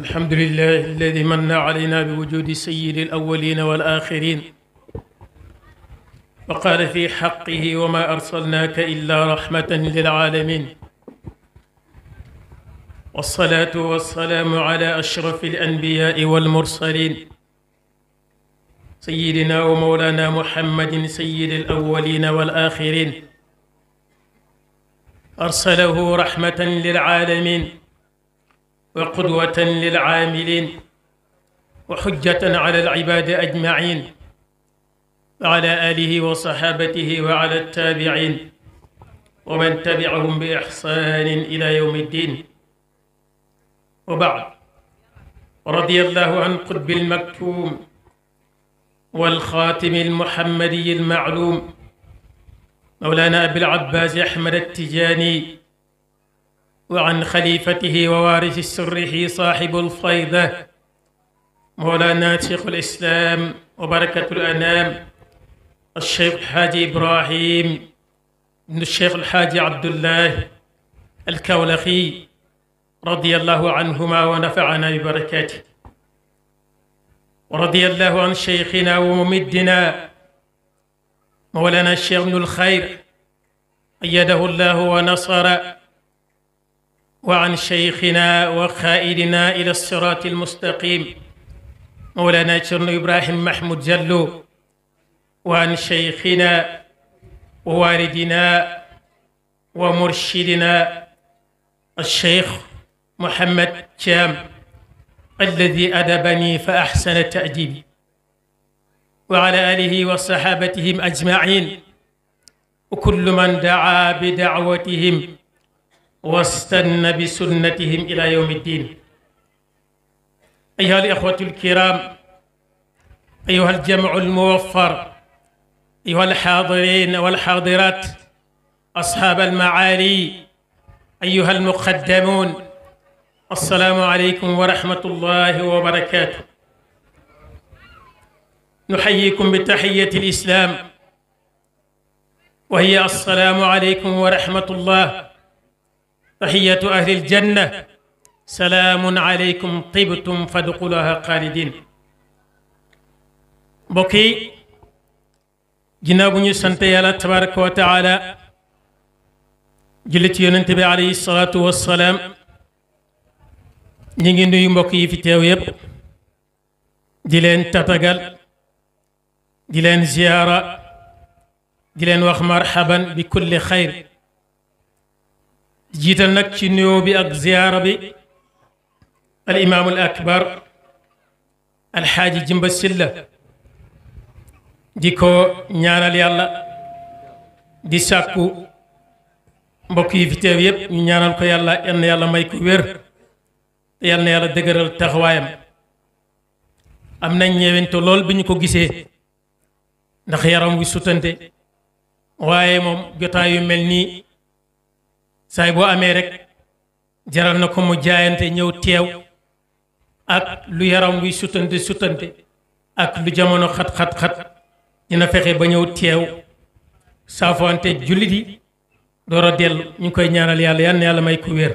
الحمد لله الذي من علينا بوجود سيد الأولين والآخرين وقال في حقه وما أرسلناك إلا رحمة للعالمين والصلاة والسلام على أشرف الأنبياء والمرسلين سيدنا ومولانا محمد سيد الأولين والآخرين أرسله رحمة للعالمين wa qudwatan lil aamiliin wa xujjatan ala al ibaadi ajmaciin wa ala aalihi wa saxaabatihi wa ala taabiciin wa man tabicahum bi ixsaanin ila yawmi ddiin wa bacd radiyallaahu an qutbil maktuum wal xaatimil muhammadiyil macluum mawlaanaa abil abbaas axmad attijaani wa an xalifatihi wa waarisi sirrihi saaxibul fayda mawlaana cheikhul islaam wa barakatul anaam cheikh alxaaji ibrahim ibnu cheikh alxaaji abdullah alkawlaxi radiyallahu anhuma wa nafaana bi barakaati wa radiyallahu an cheikhina wa mumiddina mawlaana cheikh ibnul xayr ayyadahu llahu wa nasara وعن شيخنا وقائدنا إلى الصراط المستقيم مولانا شرن إبراهيم محمود جلو وعن شيخنا ووالدنا ومرشدنا الشيخ محمد شام الذي أدبني فأحسن تأديبي وعلى آله وصحابتهم أجمعين وكل من دعا بدعوتهم واستنى بسنتهم إلى يوم الدين أيها الإخوة الكرام أيها الجمع الموفر أيها الحاضرين والحاضرات أصحاب المعالي أيها المقدمون السلام عليكم ورحمة الله وبركاته نحييكم بتحية الإسلام وهي السلام عليكم ورحمة الله taxiyatu ahlil janna salaamun aleykum tibtum fadxulaha xaalidin mbokk yi bu ñu sant yàlla tabaraka wa taala julli ci yonente aleyhi salaatu wassalaam ñu ngi nuyu mbokk yi fi teew yépp di leen tatagal di leen ziyaara wax marhaban bi kulli xayr jiital nag ci nuyoo bi ak ziyaara bi al imaam al akbar alxaaji jimba silla di ko ñaanal yàlla di sàkku mbokk yi fi teew yépp ñu ñaanal ko yàlla yal na yàlla may ko wér te yal na yàlla dëgëral taxawaayam am nañ ñeewente lool bi ñu ko gisee ndax yaram wi sutante waaye moom jotaay mel nii saay boo amee rek jaral na ko mu jaayante ñëw teew ak lu yaram luy sutante sutante ak lu jamono xat-xat-xat dina fexe ba ñëw teew saafoante jullit yi door a dellu ñu koy ñaaral yàlla yal yàlla may ku wér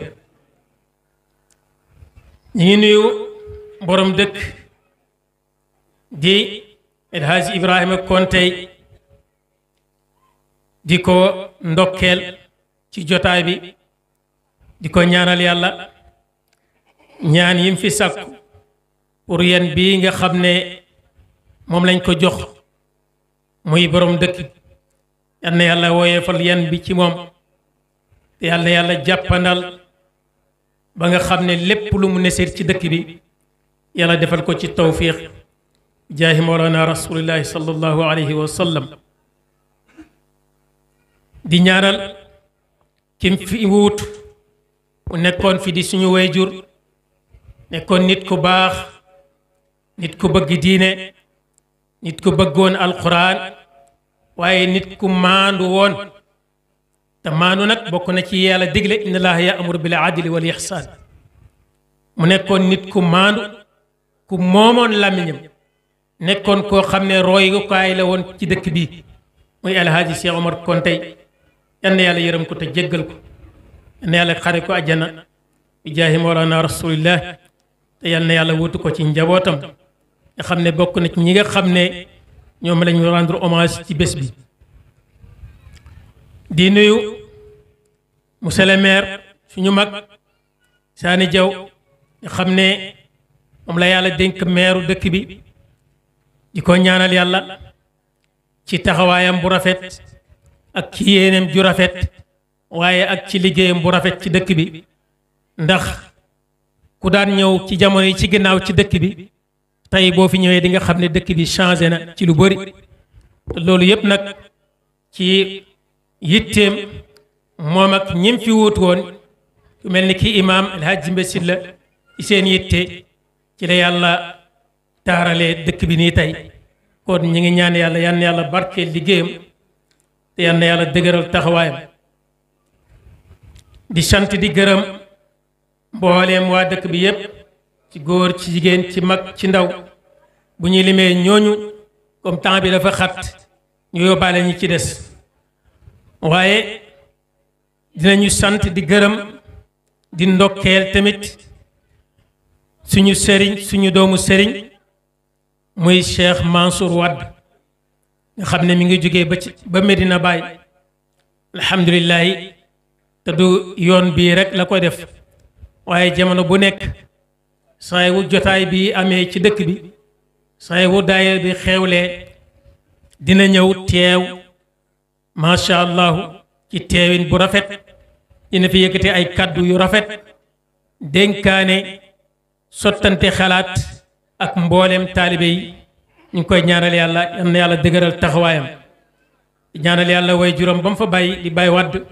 ñu ngi nuyu borom dëkk di El Ibrahima Kontey di ko ndokkeel ci jotaay bi di ko ñaanal yàlla ñaan yim fi sàkku pour yan bii nga xam ne moom lañ ko jox muy boroom dëkk yal yàlla woyefal yéen bi ci moom te yàlla na yàlla jàppandal ba nga xam ne lépp lu mu neseer ci dëkk bi yàlla defal ko ci tawfiq jaahi mawlana rasulillahi sallallahu alayhi wa di ñaanal kim fi wuutu mu nekkoon fi di suñu wayjur nekkoon nit ku baax nit ku bëgg diine nit ku bëggoon alxuraan waaye nit ku maandu woon te maandu nag bokk na ci yàlla digle inna allaha yaamuru bil adli wal ihsaan mu nekkoon nit ku maandu ku moomoon làmmiñam nekkoon koo xam ne royukaay la woon ci dëkk bi muy alhaaji Cheikh Omar Kontey yal yàlla yërëm ko te jéggal ko yal na yàlla xare ko àjjana bi jaahi mawlaana te yàlla wutu ko ci njabootam nga xam ne bokk na ci ñi nga xam ne ñoom lañu rendre hommage ci bés bi di nuyu monsieur le maire suñu mag saani Diaw nga xam ne moom la yàlla dénk meeru dëkk bi di ko ñaanal yàlla ci taxawaayam bu rafet ak ci yéeneem ju rafet waaye ak ci liggéeyam bu rafet ci dëkk bi ndax ku daan ñëw ci jamono yi ci ginnaaw ci dëkk bi tey boo fi ñëwee di nga xam ne dëkk bi changé na ci lu bëri loolu yëpp nag ci yitteem moom ak ñim fi wuut woon mel ni ki imaam El Hadj Jimbe Sylla ci seen yitte ci la yàlla taaralee dëkk bi nii tey kon ñu ngi ñaan yàlla yan yàlla barkeel liggéeyam. te yal yàlla dëgëral taxawaayam di sant di gërëm mbooleem waa dëkk bi yépp ci góor ci jigéen ci mag ci ndaw bu ñuy limee ñooñu comme temps bi dafa xat ñu yóbbaale ñi ci des waaye dinañu sant di gërëm di ndokkeel tamit suñu sëriñ suñu doomu sëriñ muy Cheikh Mansour Wade nga xam ne mi ngi jógee ba ci ba bàyyi Baye alhamdulilah te du yoon bii rek la koy def waaye jamono bu nekk saa wu jotaay bi amee ci dëkk bi saa wu daayira bi xewlee dina ñëw teew macha allah ci teewin bu rafet dina fi yëkkate ay kàddu yu rafet dénkaane sottante xalaat ak mboolem taalibe yi. ñu ngi koy ñaanal yàlla yal na yàlla dëgëral taxawaayam ñaanal yàlla woy juróom ba mu fa bàyyi di bàyyi wàdd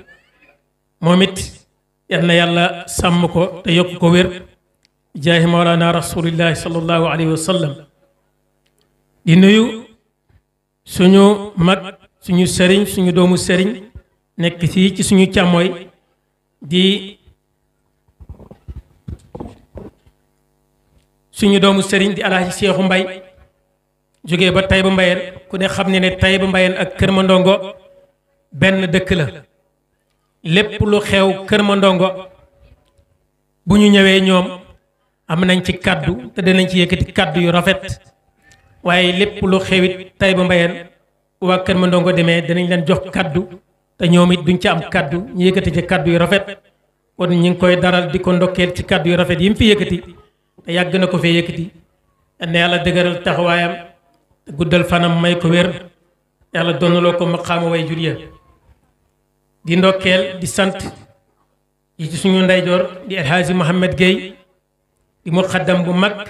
moom it yal na yàlla sàmm ko te yokk ko wér jaahi mawlaana rasulillahi sallallahu alayhi wa sallam di nuyu suñu mag suñu sëriñ suñu doomu sëriñ nekk fii ci suñu càmmooy di suñu doomu sëriñ di alaaji seexu mbay jóge ba ba Mbayeen ku ne xam ne ne Taïba Mbayeen ak Kër ma Mandongo benn dëkk la lépp lu xew Kër ndongo bu ñu ñëwee ñoom am nañ ci kàddu te danañ ci yëkkati kàddu yu rafet waaye lépp lu xewit Taïba Mbayeen waa Kër ma Mandongo demee danañ leen jox kàddu te ñoom it duñ ci am kàddu ñu yëkkati ci kàddu yu rafet kon ñu ngi koy daral di ko ndokkeel ci kàddu yu rafet yi mu fi yëkkati te yàgg na ko fee yëkkati ne yàlla dëgëral taxawaayam. guddal fanam may ko wér yàlla donnaloo ko maqaama way jur di ndokkeel di sant yi ci suñu ndeyjoor di alhaaji Mohamed Gueye di muqaddam bu mag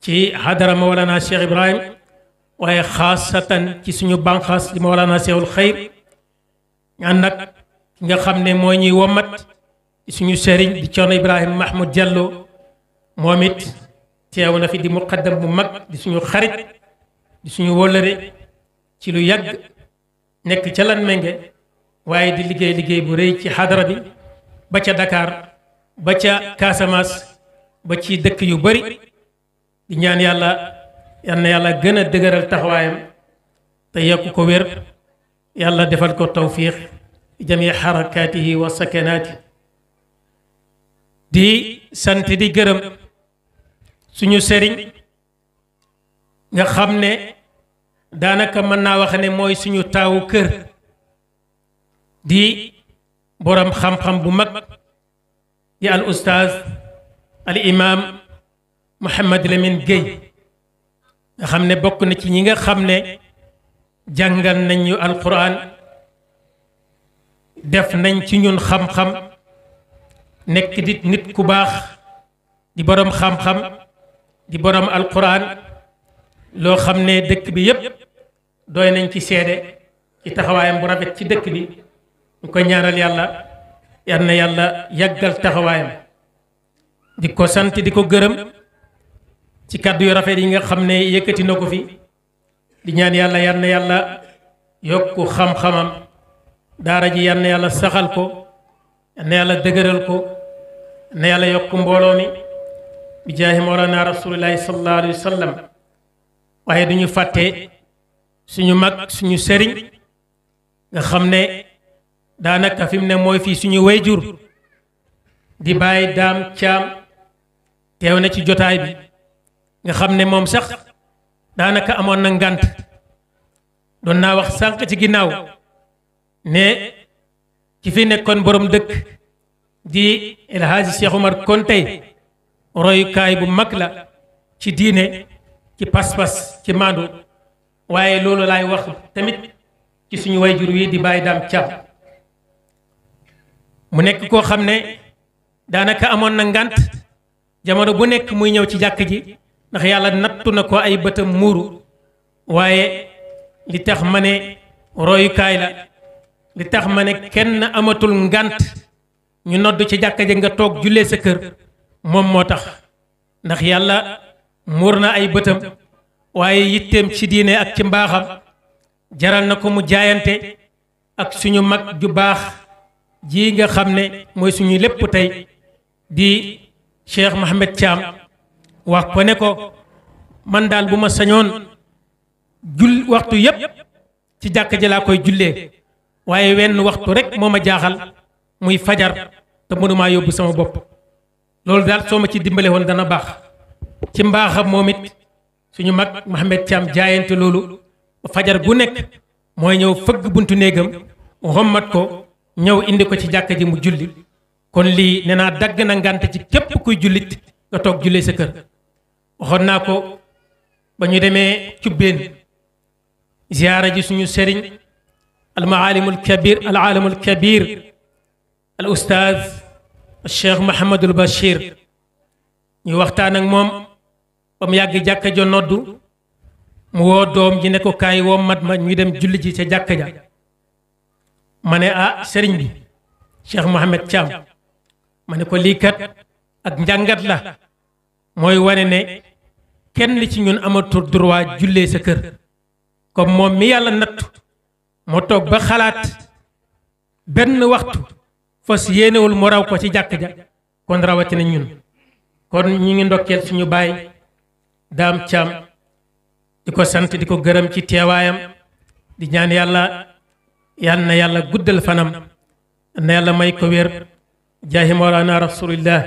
ci hadara Mawlana Cheikh Ibrahim waaye xaasatan ci suñu banqaas di Mawlana Cheikhul Xayr ñaan nag ki nga xam ne mooy ñuy womat ci suñu sëriñ di coono Ibrahim Mahmoud Diallo moom it teew na fi di muqaddam bu mag di suñu xarit di suñu wóllëre ci lu yàgg nekk ca lan menge waaye di liggéey liggéey bu rëy ci xadara bi ba ca Dakar ba ca Casamance ba ci dëkk yu bari di ñaan yàlla yal yàlla gën a dëgëral taxawaayam te yokk ko wér yàlla defal ko yi jami xarakaatihi wa sakanaati di sant di gërëm suñu sëriñ nga xam ne daanaka mën naa wax ne mooy suñu taawu kër di boroom xam-xam bu mag di al ustaaz al imaam Mouhamed Lamine Guèye nga xam ne bokk na ci ñi nga xam ne jàngal nañ ñu alquran def nañ ci ñun xam-xam nekk nit ku baax di boroom xam-xam di borom alquran. loo xam ne dëkk bi yépp dooy nañ ci seede ci taxawaayam bu rafet ci dëkk bi ñu ko ñaaral yàlla yal na yàlla yàggal taxawaayam di ko sant di ko gërëm ci kàddu yu rafet yi nga xam ne yëkkati na ko fi di ñaan yàlla yal na yàlla yokku xam-xamam daara ji yal yàlla saxal ko yal yàlla dëgëral ko na yàlla yokk mbooloo ni bi jaahi mawlana rasulillahi sallallahu alayhi wa waaye ñu fàtte suñu mag suñu sëriñ nga xam ne daanaka fi mu ne mooy fii suñu wayjur di bàyyi daam caam teew na ci jotaay bi nga xam ne moom sax daanaka amoon na ngànt doon naa wax sànq ci ginnaaw ne ci fi nekkoon borom dëkk di El Hadji Cheikh Omar Konté royukaay bu mag la ci diine ci pas-pas ci maandu waaye loolu laay wax tamit ci suñu wayjur wi di bàyyi daam cam mu nekk koo xam ne daanaka amoon na ngant jamono bu nekk muy ñëw ci jàkk ji ndax yàlla nattu na ko ay bëtam muuru waaye li tax ma ne royukaay la li tax ma ne kenn amatul ngànt ñu nodd ci jàkk ji nga toog jullee sa kër moom moo tax ndax yàlla muur na ay bëtam waaye yitteem ci diine ak ci mbaaxam jaral na ko mu jaayante ak suñu mag ju baax ji nga xam ne mooy suñu lépp tey di Cheikh Mohamed Thiam wax ko ne ko man daal bu ma sañoon jul waxtu yépp ci jàkk ji laa koy jullee waaye wenn waxtu rek moo ma jaaxal muy fajar te mënumaa yóbbu sama bopp loolu daal soo ma ci dimbale woon dana baax ci mbaaxam moom it suñu mag Mouhamed Thiam jaayante loolu fajar gu nekk mooy ñëw fëgg buntu néegam xommat ko ñëw indi ko ci jàkka ji mu julli kon lii nee naa dagg na ngànt ci képp kuy jullit nga toog julli sa kër waxoon naa ko ba ñu demee cubbeen ziyaara ji suñu sëriñ almaalimul kabir alaalamul kabir al ustaaz cheikh Mahamadul Bachir ñu waxtaan ak moom ba mu yàgg jàkka ja noddu mu woo doom ji ne ko kaay woo mat ma ñu dem julli ji ca jàkka ja ma ne ah sëriñ bi Cheikh Mohamed Thiam ma ne ko lii kat ak njàngat la mooy wane ne kenn ci ñun amatul droit jullee sa kër comme moom mi yàlla nattu moo toog ba xalaat benn waxtu fas yéenewul mu raw ko ci jàkk ja kon rawatina ñun kon ñu ngi ndokkeel suñu baay daam caam di ko sant di ko gërëm ci teewaayam di ñaan yàlla yal na yàlla guddal fanam na yàlla may ko wér jaahi mawlaana rasulillah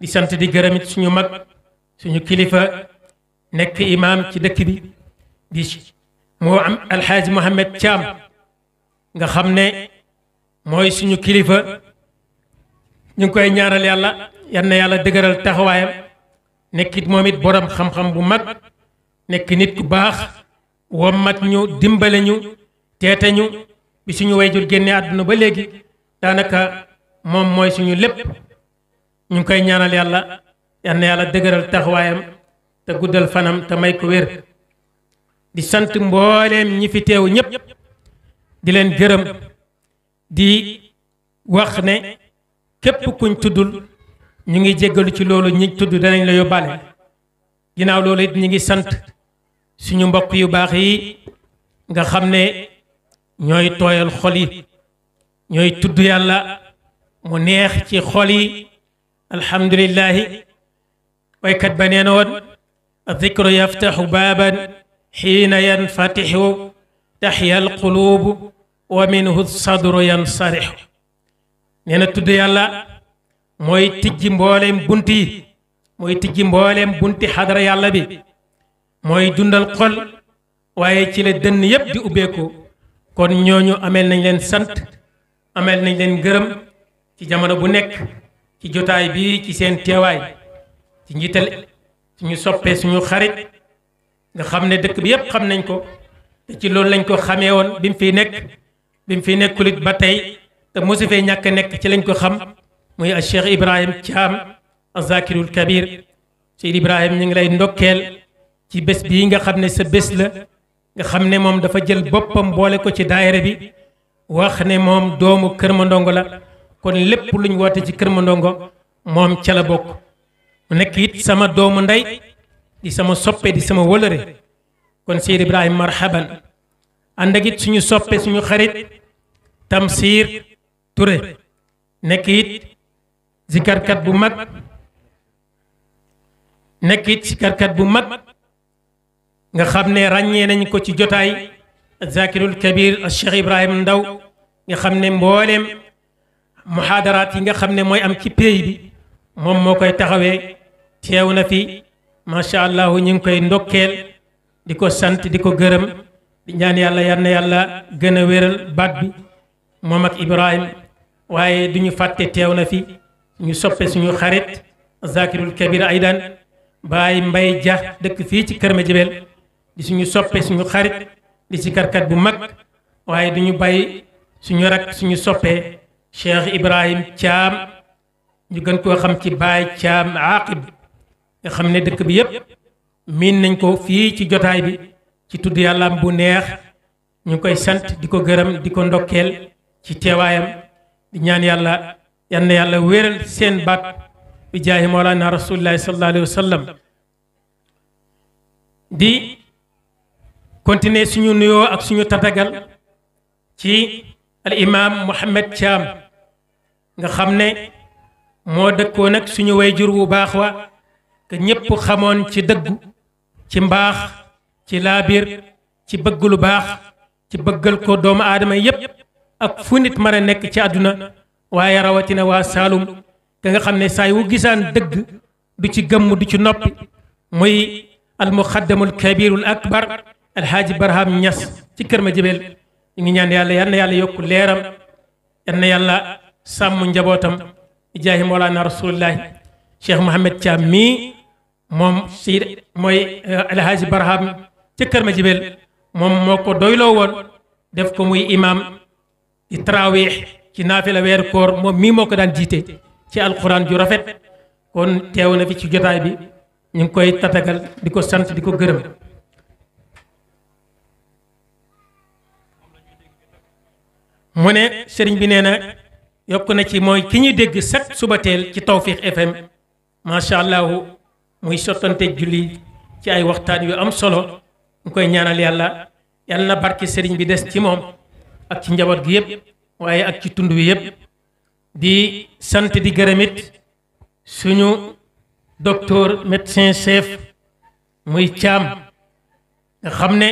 di sant di gërëm suñu mag suñu kilifa nekk imaam ci dëkk bi di moo am alxaaji Mohamed Thiam nga xam ne mooy suñu kilifa ñu ngi koy ñaaral yàlla yàlla dëgëral taxawaayam nekkit moom it boroom xam-xam bu mag nekk nit ku baax wommat ñu dimbale ñu teete ñu bi suñu jur génnee àdduna ba léegi daanaka moom mooy suñu lépp ñu ngi koy ñaanal yàlla yal na yàlla dëgëral taxawaayam te guddal fanam te may ko wér di sant mbooleem ñi fi teewu ñépp di leen gërëm di wax ne képp kuñ tuddul ñu ngi jéggalu ci loolu ñi tudd danañ la yóbbaale ginnaaw loolu it ñu ngi sant suñu mbopp yu baax yi nga xam ne ñooy tooyal xol yi ñooy tudd yàlla mu neex ci xol yi alhamdulillahi woykat ba nee na woon adikru yaftaxu baaban xiina yanfatixu taxiya alquluubu wa minhu sadru yansarixu nee na tudd yàlla mooy tijji mbooleem bunt yi mooy tijji mbooleem bunti xadara yàlla bi mooy dundal xol waaye ci la dënn yépp di ubbeeku kon ñooñu ameel nañ leen sant ameel nañ leen gërëm ci jamono bu nekk ci jotaay bi ci seen teewaay ci njiital suñu soppee suñu xarit nga xam ne dëkk bi yépp xam nañ ko te ci loolu lañ ko xamee woon bi mu fiy nekk bi mu nekkul nekkulit ba tey te mosu fee ñàkk nekk ci lañ ko xam muy a Cheikh Ibrahim Thiam Zakirul Kabir Cheikh Ibrahim ñu ngi lay ndokkeel ci bés bii nga xam ne sa bés la nga xam ne moom dafa jël boppam boole ko ci daayira bi wax ne moom doomu Kër ma ndongo la kon lépp luñ woote ci Kër ma Mandongo moom ca la bokk mu nekk it sama doomu ndey di sama soppe di sama wëlëre kon Cheikh Ibrahim marhaban ànd it suñu soppe suñu xarit Tamsir Touré nekk it zikarkat bu mag nekk it zikarkat bu mag nga xam ne ràññee nañu ko ci jotaay zakirul kabir Cheikh Ibrahim Ndaw nga xam ne mbooleem muhaadaraat yi nga xam ne mooy am ci pays bi moom moo koy taxawee teew na fi macha allah ñu ngi koy ndokkeel di ko sant di ko gërëm di ñaan yàlla yal na yàlla gën a wéral baat bi moom ak Ibrahim waaye du ñu fàtte teew na fi. ñu soppe suñu xarit zakirul kabir aydan baay mbay ja dëkk fii ci kër ma Madiabel di suñu soppe suñu xarit di ci karkat bu mag waaye duñu bay suñu rak suñu soppe cheikh ibrahim caam ñu gën koo xam ci bay caam aaqib nga xam ne dëkk bi yépp miin nañ ko fii ci jotaay bi ci tudd yàllaam bu neex ñu ngi koy sant di ko gërëm di ko ndokkeel ci teewaayam di ñaan yàlla yal yàlla wéeral seen baat bi jaahi mawlaana rasulillahi sallallahu alayhi wa di continuer suñu nuyoo ak suñu tatagal ci al imaam Mouhamed nga xam ne moo dëkkoon ak suñu jur wu baax wa que ñépp xamoon ci dëggu ci mbaax ci laabir ci bëgg lu baax ci bëggal ko doomu aadama yépp ak fu nit mën nekk ci àdduna waaye rawatina waa Saalum ga nga xam ne saay yu gisaan dëgg du ci gëmm du ci noppi muy almuxaddamul kabirul akbar alhaaji barham ñas ci kër ma jibeel ñu ngi ñaan yàlla yal na yàlla yokk leeram yal na yàlla sàmm njabootam ijaahi moolaana rasulullahi cheikh mohamed Thiam mii moom si mooy eh, alhaaji barham ci kër ma jibeel moom moo ko doyloo woon def ko muy imam di tarawiix ci la weeru koor moom mii moo ko daan jiite ci alxuraan ju rafet kon teew na fi ci jotaay bi ñu ngi koy tatagal di ko sant di ko gërëm mu ne sëriñ bi nee na yokk na ci mooy ki ñuy dégg chaque suba teel ci Tawfekh FM macha allah muy sottante julli ci ay waxtaan yu am solo ngi koy ñaanal yàlla yàlla na barke sëriñ bi des ci moom ak ci njaboot gi yépp waaye ak ci tund bi yëpp di sant di gërëmit suñu docteur médecin chef muy caam nga xam ne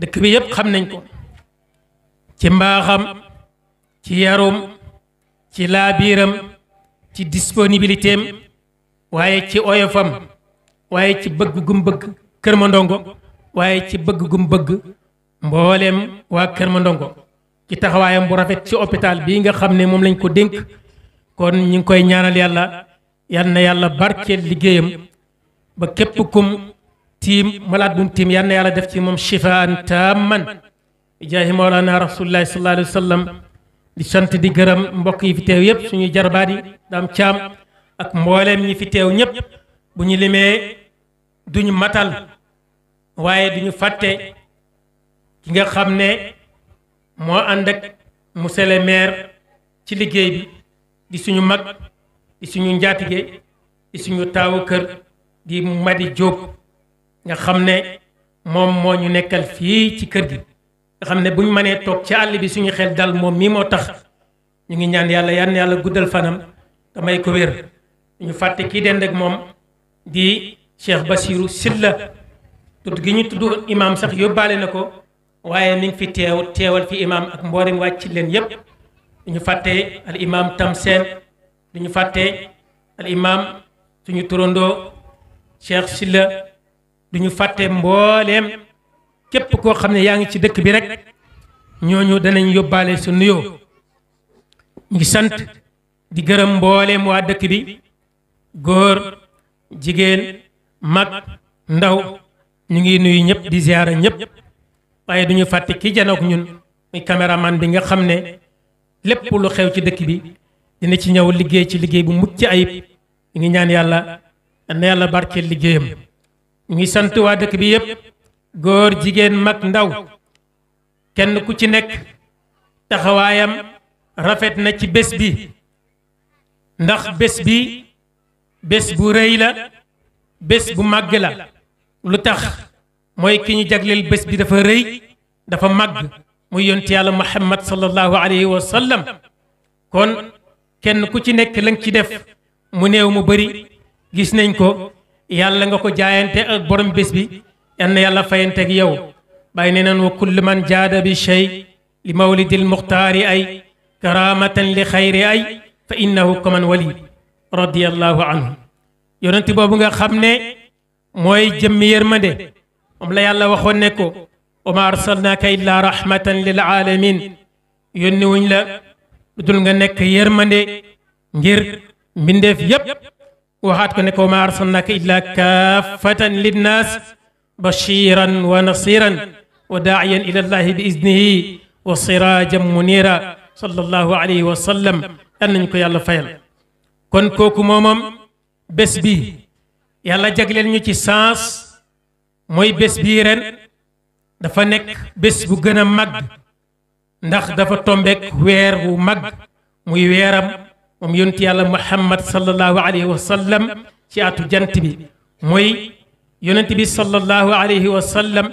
dëkk bi yëpp xam nañ ko ci mbaaxam ci yarum ci laabiiram ci disponibilité am waaye ci oyofam waaye ci bëgg gum bëgg Kër Mandongo waaye ci bëgg gum bëgg mbooleem waa Kër ma Mandongo ci taxawaayam bu rafet ci hôpital bii nga xam ne moom lañ ko dénk kon ñu ngi koy ñaanal yàlla yal na yàlla barkeel liggéeyam ba képp kum tiim malade bum tiim yal na yàlla def ci moom shifaan taamman jaahi mawlaana rasuulullaahi sallallaahu alayhi wa sallam di sant di gërëm mbokk yi fi teew yëpp suñuy jarbaat yi daam caam ak mbooleem ñi fi teew ñëpp bu ñu limee duñu matal waaye duñu fàtte ki nga xam ne moo ànd ak mu sele maire ci liggéey bi di suñu mag di suñu njaatige di suñu taawu kër di Madi Diop nga xam ne moom moo ñu nekkal fii ci kër gi nga xam ne bu ñu mënee toog ci àll bi suñu xel dal moom mii moo tax ñu ngi ñaan yàlla yan yàlla guddal fanam damay ko wér ñu fàtte kii dend ak moom di Cheikh Basirou Sylla tudd gi ñu tudd imaam sax yóbbaale na ko waaye mi ngi fi teew teewal fi imaam ak mboolem wàcc leen yépp duñu fàtte al imaam tam duñu fàtte al imaam suñu turandoo Cheikh Silla duñu fàtte mbooleem képp koo xam ne yaa ngi ci dëkk bi rek ñooñu danañ yóbbaale su nuyoo ñu ngi sant di gërëm mbooleem waa dëkk bi góor jigéen mag ndaw ñu ngi nuyu ñëpp di ziyaara ñëpp waaye du ñu fàtte kii janook ñun muy caméraman bi nga xam ne lépp lu xew ci dëkk bi dina ci ñëw liggéey ci liggéey bu mucc ayib ñu ngi ñaan yàlla na yàlla barke liggéeyam ñu ngi sant waa dëkk bi yépp góor jigéen mag ndaw kenn ku ci nekk taxawaayam rafet na ci bés bi ndax bés bi bés bu rëy la bés bu màgg la lu tax mooy ki ñu jagleel bés bi dafa rëy dafa màgg muy yonti yàlla muhammad sallallahu alayhi wa sallam kon kenn ku ci nekk la nga ci def mu néew mu bëri gis nañ ko yàlla nga ko jaayante ak borom bés bi yal yàlla fayante ak yow bàyyi ne neen wa kullu man jaada bi shay li mawlidil muxtaari ay karamatan li xayri ay fa innahu kaman wali radiyallahu anhu yonent boobu nga xam ne mooy jëmmi yërmande moom la yàlla waxoon ne ko wa ma arsalnaaka illa rahmatan lil aalamin yónni wuñ la dul nga nekk yërmande ngir mbindeef yépp waxaat ko ne ko wa ma arsalnaaka illa kaafatan linnaas bashiran wa nasiran wa daa'iyan ila llahi bi iznihi wa sirajan munira sallallahu alayhi wa sallam yal nañ ko yàlla fayal kon kooku moomoom bés bi yàlla jagleel ñu ci mooy bés bii ren dafa nekk bés bu gën a màgg ndax dafa tombeek weer wu mag muy weeram moom yonent yàlla muhammad sallallahu alayhi wa sallam ci atu jant bi mooy yonent bi sallallahu alayhi wa sallam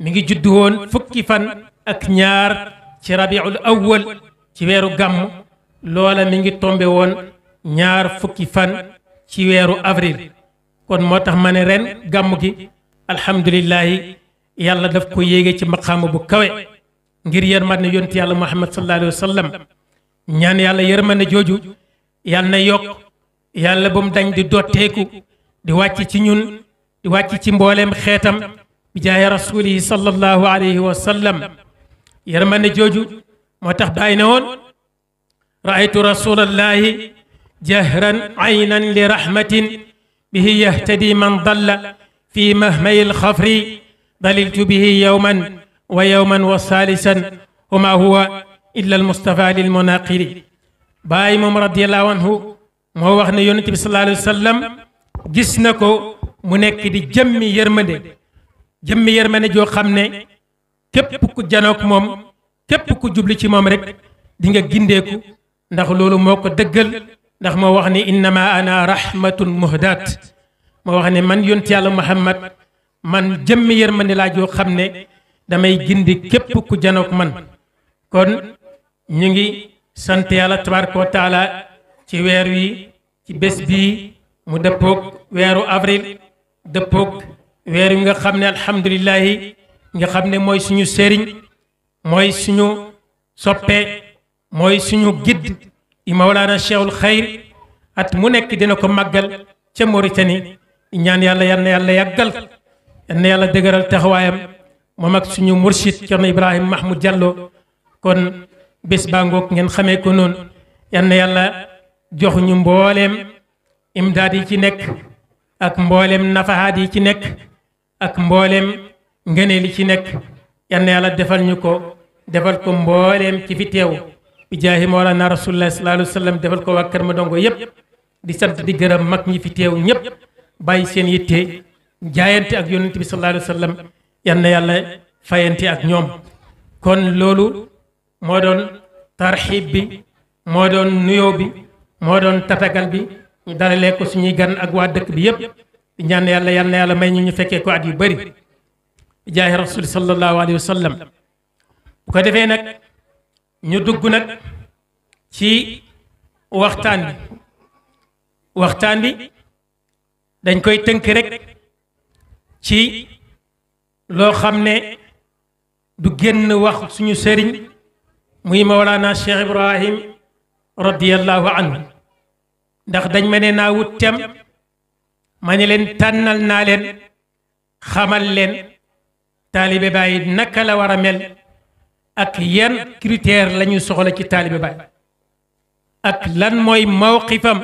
mi ngi juddu woon fukki fan ak ñaar ci rabiul awwal ci weeru gàmm loola mi ngi tombe woon ñaar fukki fan ci weeru avril kon moo tax ma ne ren gàmm gi alhamdulilahi yàlla def ko yéege ci maqaama bu kawe ngir yërmande yonti yàlla muhammad sallallahu alayhi wa ñaan yàlla yërmande jooju yàlla na yokk yàlla ba mu dañ di dotteeku di wàcc ci ñun di wàcc ci mbooleem xeetam bi jaay rasulihi sallallahu alayhi wa sallam yërmande jooju moo tax bàyyi woon raaytu rasulallahi jahran aynan li rahmatin bihi yahtadi man dalla في مهمي الخفر ضللت به يوما wa وثالثا وما هو إلا المصطفى للمناقر baay moom radiyallahu anhu moo wax ne yonent bi sallallahu alayhi wa sallam gis na ko mu nekk di jëmmi yërmande jëmmi joo xam ne képp ku janook moom képp ku jubli ci moom rek di nga gindeeku ndax loolu moo ko dëggal ndax moo wax ni innama ana rahmatun muhdaat moo wax ne man yonent yàlla Muhammad man jëmm yërmande laa joo xam ne damay gindi képp ku janoog man kon ñu ngi sant yàlla tabaaraka wa taala ci weer wi ci bés bii mu dëppoog weeru avril dëppoog weer wi nga xam ne alhamdulilahi nga xam ne mooy suñu sëriñ mooy suñu soppe mooy suñu gidd i mawlaana cheikhul xayr at mu nekk dina ko màggal ca Mauritanie ñaan yàlla yan na yàlla yàggal yan na yàlla dëgëral taxawaayam moom ak suñu mursid Cerno Ibrahima Mahmoud Diallo kon bés baa ngoog ngeen xamee ko noonu yan yàlla jox ñu mbooleem imdaad yi ci nekk ak mbooleem nafahaat yi ci nekk ak mbooleem ngëneel yi ci nekk yan yàlla defal ñu ko defal ko mbooleem ci fi teew bi jaahi mawlana rasulullah sallallahu alayhi wa sallam defal ko waa kër ma dongo yépp di sant di gërëm mag ñi fi teew ñépp bàyyi seen yitte jaayante ak yonent bi sallallahu alayhi wa sallam yan na yàlla fayante ak ñoom kon loolu moo doon tarxiib bi moo doon nuyoo bi moo doon tatagal bi ñu dalalee ko suñuy gan ak waa dëkk bi yépp ñaan yàlla yan na yàlla may ñu ñu fekkee ko at yu bëri jaahi rasul sallallahu alayhi wa sallam bu ko defee nag ñu dugg nag ci waxtaan bi waxtaan bi dañ koy tënk rek ci loo xam ne du génn wax suñu sëriñ muy Mawlana Cheikh Ibrahim radiyallahu anhu ndax dañ ma ne naa wut tem ma ne leen tànnal naa leen xamal leen taalibe Baay naka la war a mel ak yenn critère la ñu soxla ci taalibe Baay ak lan mooy mawqifam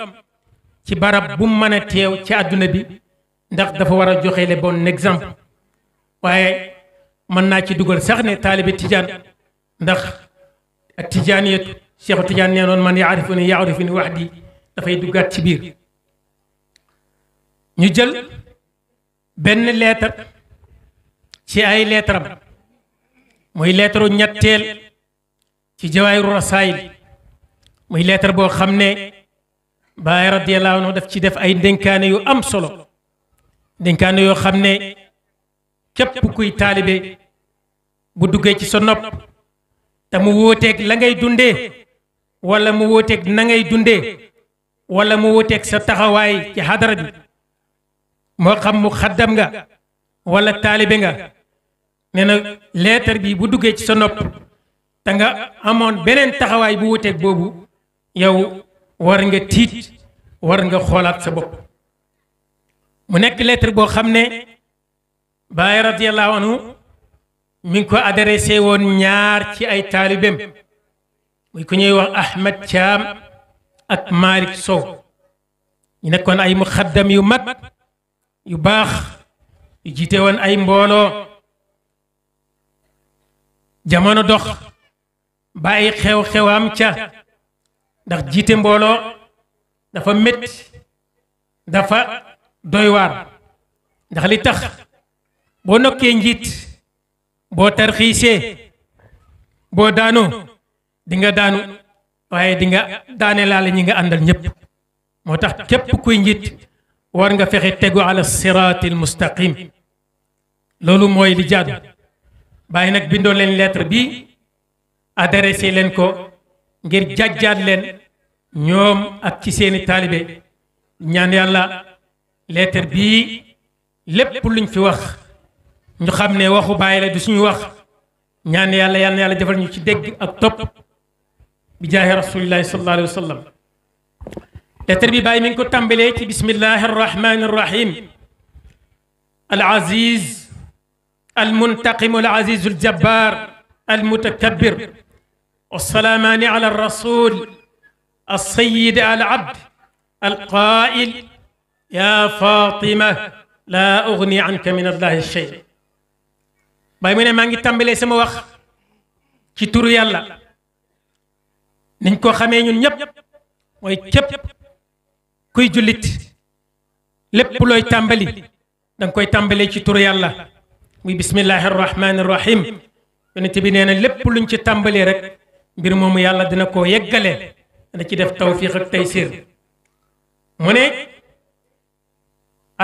ci barab bu mën a teew ci àdduna bi ndax dafa war a joxe le bon exemple waaye mën naa ci dugal sax ne taalibi tijaan ndax ak tijaaniyatu cheikhu tijaan nee noon man fi yaarifuni wax di dafay duggaat ci biir ñu jël benn leetar ci ay leetaram muy leetaru ñetteel ci jawaayiru rasaayil muy leetar boo xam ne Baay radiyallaahu anhu daf ci def ay ndénkaane yu am solo ndénkaane yoo xam ne képp kuy taalibe bu duggee ci sa nopp te mu wóoteeg la ngay dundee walla mu wóoteeg na ngay dundee wala mu wóoteeg sa taxawaay ci hadara bi moo xam mu xaddam nga wala taalibe nga nee na leetar bi bu duggee ci sa nopp te nga amoon beneen taxawaay bu wóoteeg boobu yow war nga tiit war nga xoolaat sa bopp mu nekk lettre boo xam ne Baay radiyallahu anhu mi ngi ko adressé woon ñaar ci ay taalibeem muy ku ñuy wax Ahmed Thiam ak Malick soow ñu nekkoon ay muxaddam yu mag yu baax yu jiite woon ay mbooloo jamono dox ba ay xew-xewam ca ndax jiite mbooloo dafa métti dafa doy waar ndax li tax boo nokkee njiit boo tarxiisee boo daanoo di nga daanu waaye di nga daane laale ñi nga àndal ñépp moo tax képp kuy njiit war nga fexe tegu ala siraatil mustaqim loolu mooy li jaadu bàyyi nag bindoo leen lettre bi adressé leen ko ngir jàjjaat leen ñoom ak ci seeni taalibe ñaan yàlla leetar bii lépp luñ fi wax ñu xam ne waxu bàyyi la du suñu wax ñaan yàlla yàlla defal ñu ci degg ak topp bi jaahi rasulillahi sallallahu alayhi wa sallam leetar bi bàyyi mi ngi ko tàmbalee ci bismillahi arrahmani arrahim al aziz al muntaqimu al azizu al jabbar al mutakabbir والسلامان على الرسول السيد العبد القائل يا فاطمة لا أغني عنك من الله شيء bay mu ne maa ngi tàmbalee sama wax ci turu yàlla niñ ko xamee ñun ñépp mooy képp kuy jullit lépp looy tàmbali danga koy tàmbalee ci turu yàlla muy bismillahi arrahmani arrahim yonent bi nee na lépp luñ ci tàmbalee rek mbir moom yàlla dina ko yeggale dana ci def tawfiq ak taysir mu ne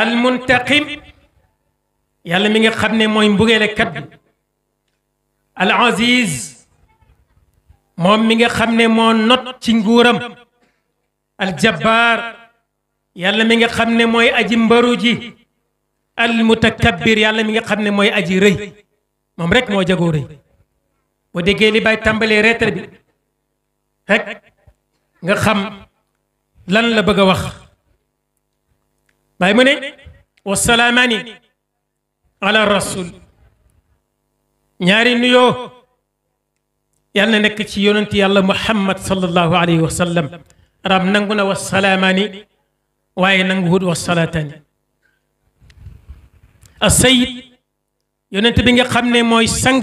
almuntaqim yàlla mi nga xam ne mooy mbugeelekat bi al aziz moom mi nga xam ne moo not ci nguuram al jabbaar yàlla mi nga xam ne mooy aji mbaru ji al mutakabbir yàlla mi nga xam ne mooy aji rëy moom rek moo jagoo rëy boo déggee li bay tàmbalee reetal bi rek nga xam lan la bëgg a wax bay mu ne wasalaamaani ala rasul ñaari nuyoo yàlla na nekk ci yonent yàlla muhammad sallallahu alayhi wa sallam arab nangu na wasalaamaani waaye nangu wut wasalaataani asayid yonent bi nga xam ne mooy sang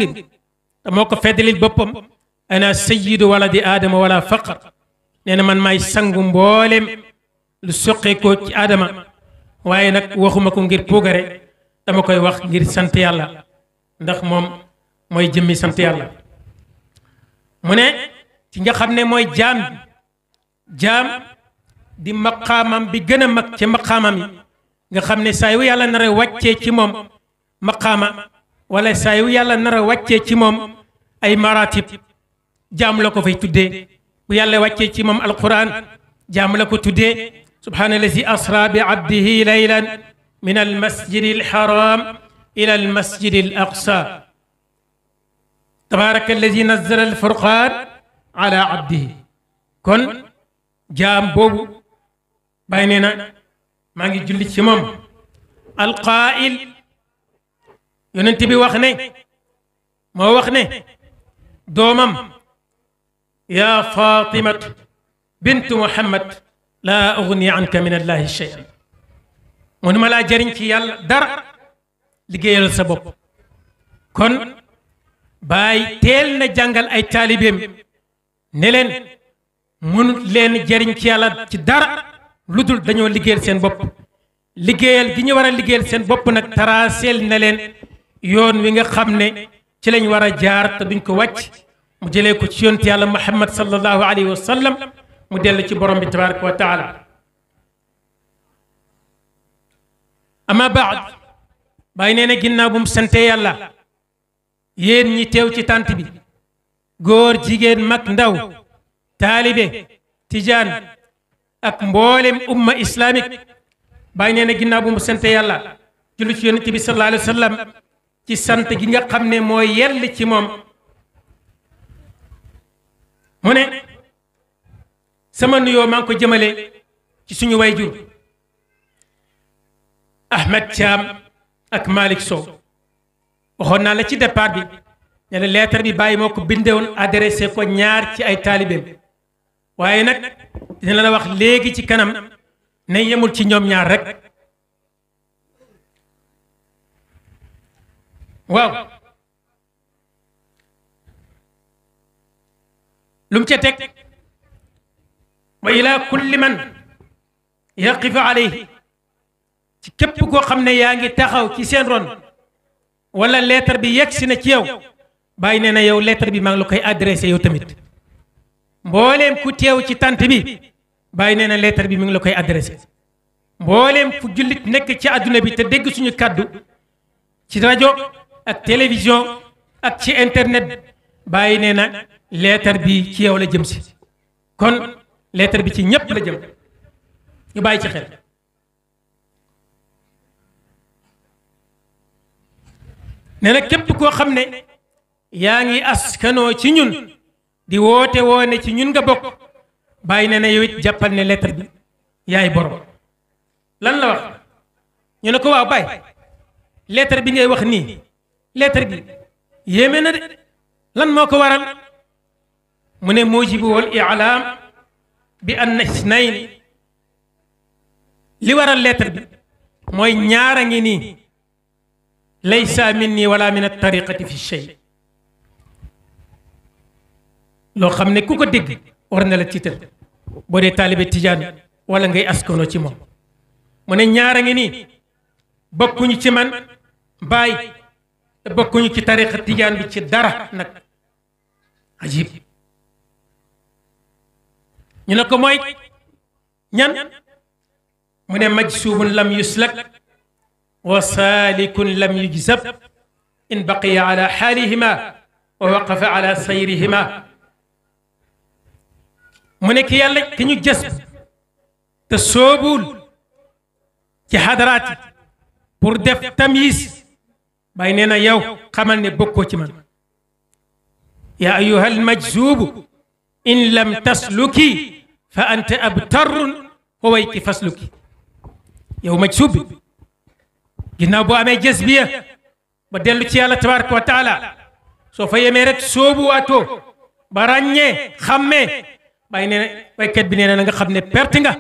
te moo ko feddalil boppam ana sayyidu waladi aadama wala faqar nee na man may sangu mbooleem lu soqeekoo ci aadama waaye nag waxuma ko ngir puugare dama koy wax ngir sant yàlla ndax moom mooy jëmmi sant yàlla mu ne ci nga xam ne mooy jaam jaam di maqaamam bi gëna a mag ci maqaamam yi nga xam ne saa yu yàlla nar a wàccee ci moom maqaama wala saa yu yàlla nar wàccee ci moom ay maratib jaam la ko fay tuddee bu yàlla wàccee ci moom alquran jaam la ko tuddee subhaana allazi asra bi abdihi laylan min almasjidi alharam ila almasjidi alaqsa tabaraka allazi nazzala alfurqan ala abdihi kon jaam boobu bàyyi nee na maa ngi julli ci moom alqaa'il yonent bi wax ne moo wax ne doomam yaa fatimatu bintu muhammad laa ugni anka min allahi shay'an munu ma laa ci yàlla dara liggéeyal sa bopp kon baay teel na jàngal ay taalibeem ne leen leen jëriñ ci yàlla ci dara lu dul dañoo liggéeyal seen bopp liggéeyal gi ñu war a liggéeyal seen bopp nag taraaseel na leen yoon wi nga xam ne ci lañ war a jaar duñ ko wàcc mu jëlee ko ci yonent yàlla muhammad sallallahu alayhi wa sallam mu dellu ci borom bi tabaraka wa taala ama baad bàyyi nee na ginnaaw bu mu sante yàlla yéen ñi teew ci tànt bi góor jigéen mag ndaw taalibe tijaan ak mboolem umma islamique bàyyi nee na ginnaaw bu mu sante yàlla jullu ci yonent bi sallallahu wa sallam ci sant gi nga xam ne mooy yell ci moom mu ne sama nuyoo maa ngi ko jëmale ci suñu wayjur Ahmed Thiam ak Malick Sow waxoon naa la ci départ bi ne la lettre bi bàyyi moo ko bindewoon adressé ko ñaar ci ay taalibeem waaye nag dina la wax léegi ci kanam ne yemul ci ñoom ñaar rek waaw lu mu ca teg wa ila kulli man yaqifu alayhi ci képp goo xam ne yaa ngi taxaw ci seen ron wala lettre bi yegg si na ci yow bàyyi nee na yow lettre bi maa ngi la koy adressé yow tamit mbooleem ku teew ci tant bi bàyyi nee na lettre bi mi ngi la koy adressé mbooleem ku jullit nekk ci àdduna bi te dégg suñu kàddu ci rajo ak télévision ak ci internet bàyyi nee na leetar bi ci yow la jëm si kon leetar bi ci ñépp la jëm ñu bàyyi ci xel nee na képp koo xam ne yaa ngi askanoo ci ñun di woote woone ci ñun nga bokk bàyyi ne na yow it jàppal ne leetar bi yaay borom lan la wax ñu ne ko waaw bàyyi leetar bi ngay wax nii leetar bi yéeme na de lan moo ko waral mu ne mujibu wal i'laam bi ann isnayn li waral lettre bi mooy ñaara ngi nii laysa minni wala min at-tariqati fi shay loo xam ne ku ko dégg war na la tiital boo dee taalibe tijaan wala ngay askono ci moom mu ne ñaara a ngi nii bokkuñu ci man baay bokkuñu ci tariqa tijaan bi ci dara nag ajib ñu ne ko mooy ñan mu ne majsuubun lam yuslak wa saalikun lam yujzab in baqiya ala xaalihima wa waqafa ala sayrihima mu ne ki yàlla ki ñu gës te soobuul ci xadaraat yi pour bay nee na yow xamal ne bokkoo ci man yaa ayuha almajzuubu in lam tasluki fa ante anta abtarun wa wayki fasluki yow maj suub bi boo amee jës biya ba dellu ci yàlla tabaraka wa taala soo fa yemee rek soobu waatoo ba ràññee xàmmee bàyyi nee na baykat bi nee na nga xam ne perte nga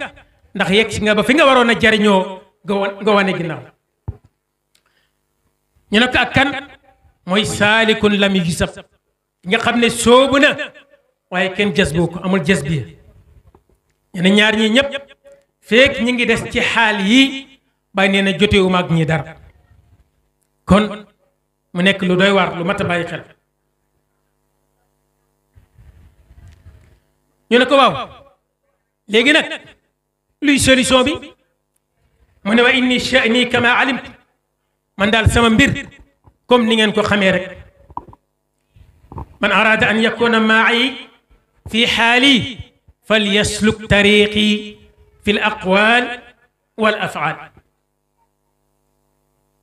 ndax yegg si nga ba fi nga waroon a jariñoo nga wane ginnaaw ñu ne ko ak mooy saalikun lam yusab nga xam ne soobu na waaye kenn jës boo ko amul jës bi ñene ñaar ñii ñëpp feek ñi ngi des ci xaal yi bàyyi nee na jotewuma ak ñi dara kon mu nekk lu doy waar lu mat a bàyyi xel ñu ne ko waaw léegi nag luy solution bi mu ne wa inni sha'ni kama alim man daal sama mbir comme ni ngeen ko xamee rek man arada an yakuna maayi fi xaali fal yasluk tariqi fi l aqwal wal afaal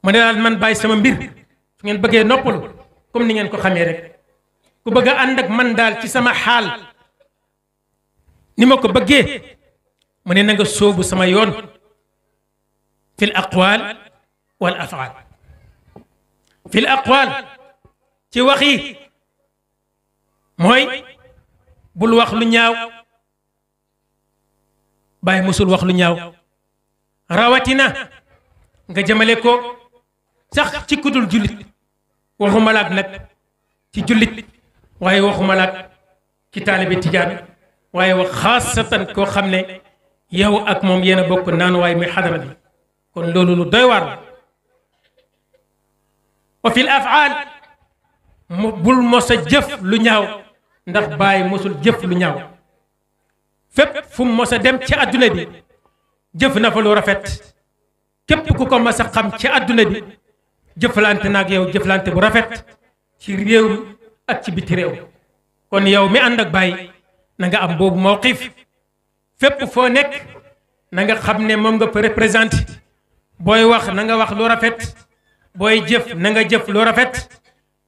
mu ne daal man bàyyi sama mbir su ngeen bëggee noppalu comme ni ngeen ko xamee rek ku bëgg a ànd ak man daal ci sama xaal ni ma ko bëggee mu ne na nga sóobu sama yoon fi l aqwal wal afaal fi l aqwal ci wax yi mooy bul wax lu ñaaw bàyyi musul wax lu ñaaw rawatina nga jëmale ko sax ci kudul jullit waxumalaat nag ci jullit waaye waxumalaat ci taalibe tijaan waaye wax xaasatan koo xam ne yow ak moom yéen bokk naan waaye muy xadara bi kon loolu lu doy waar la wa fil afaal bul mos a jëf lu ñaaw ndax bàyyi mosul jëf lu ñaaw fépp fu mu mos dem ci àdduna bi jëf na fa lu rafet képp ku ko mos a xam ci àdduna bi jëflante na ak yow jëflante bu rafet ci réew mi ak ci biti réew kon yow mi ànd ak bàyyi na nga am boobu mawqif fépp foo nekk na nga xam ne moom nga fa représenté booy wax na nga wax lu rafet booy jëf na nga jëf lu rafet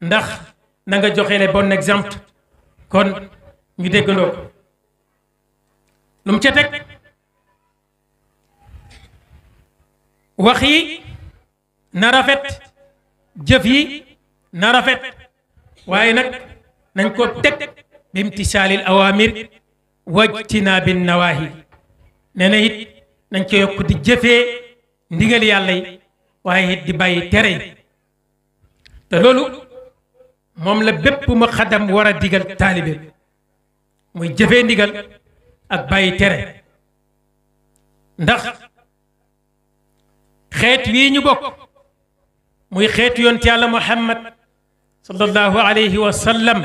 ndax na nga joxe le bon exemple kon ñu déggandoo ko lu mu ca teg wax yi na rafet jëf yi na rafet waaye nag nañ ko teg bimtisaalil awaamir wajtinaabin nawaahi nee na it nañ ko yokk di jëfee ndigal yàlla yi waaye it di bàyyi tere te loolu moom la bépp mu xadam war a digal taalibe bi muy jëfee ndigal ak bàyyi tere ndax xeet wii ñu bokk muy xeetu yonent yàlla muhammad sallallahu alayhi wa sallam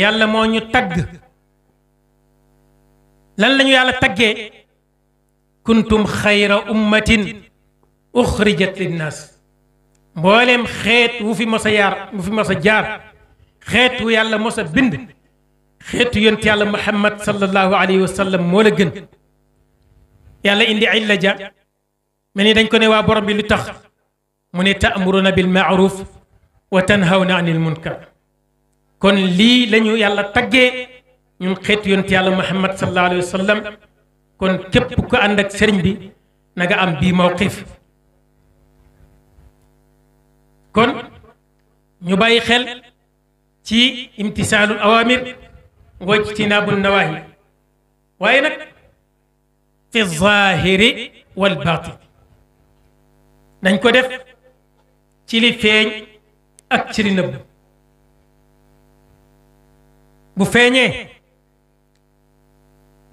yàlla moo ñu tagg lan la yàlla taggee kuntum xayra ummatin uxrijat linnaas mbooleem xeet wu fi mos yaar wu fi mos a jaar xeet wu yàlla mos bind xeetu yont yàlla muhammad sallallahu alayhi wa sallam moo gën yàlla indi illa ja mel ni dañ ko ne waa borom bi lu tax mu ne taamuruna bil maaruf wa tanhawna anil munkar kon lii la yàlla tagge ñun xeetu yont yàlla muhammad sallallahu alayhi wa sallam kon képp ku ànd ak sëriñ bi nanga am bii mawqif kon ñu bàyyi xel ci imtisaalul awamir ci ijtinaabu nawaahi waaye nag fi zaahiri wal baatin nañ ko def ci li feeñ ak ci li nëbb bu feeñee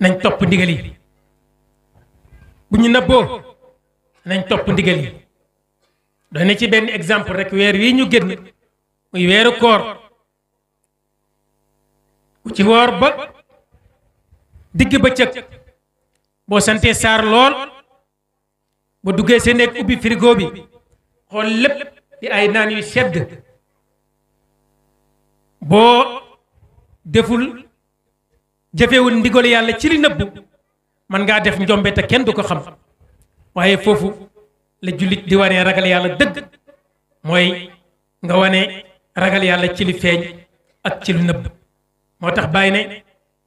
nañ topp ndigal yi bu ñu nëbboo nañ topp ndigal doy na ci benn exemple rek weer wii ñu génn muy weeru koor ku ci woor ba digg bëccëg boo santee saar lool bu duggee sa néeg ubbi frigo bi xool lépp di ay naan yu sedd boo deful jëfewul ndigal yàlla ci li nëbbu mën ngaa def njombe te kenn du ko xam waaye foofu la di wanee ragal yàlla dëgg nga wane ragal yàlla ci li feeñ moo tax bàyyi ne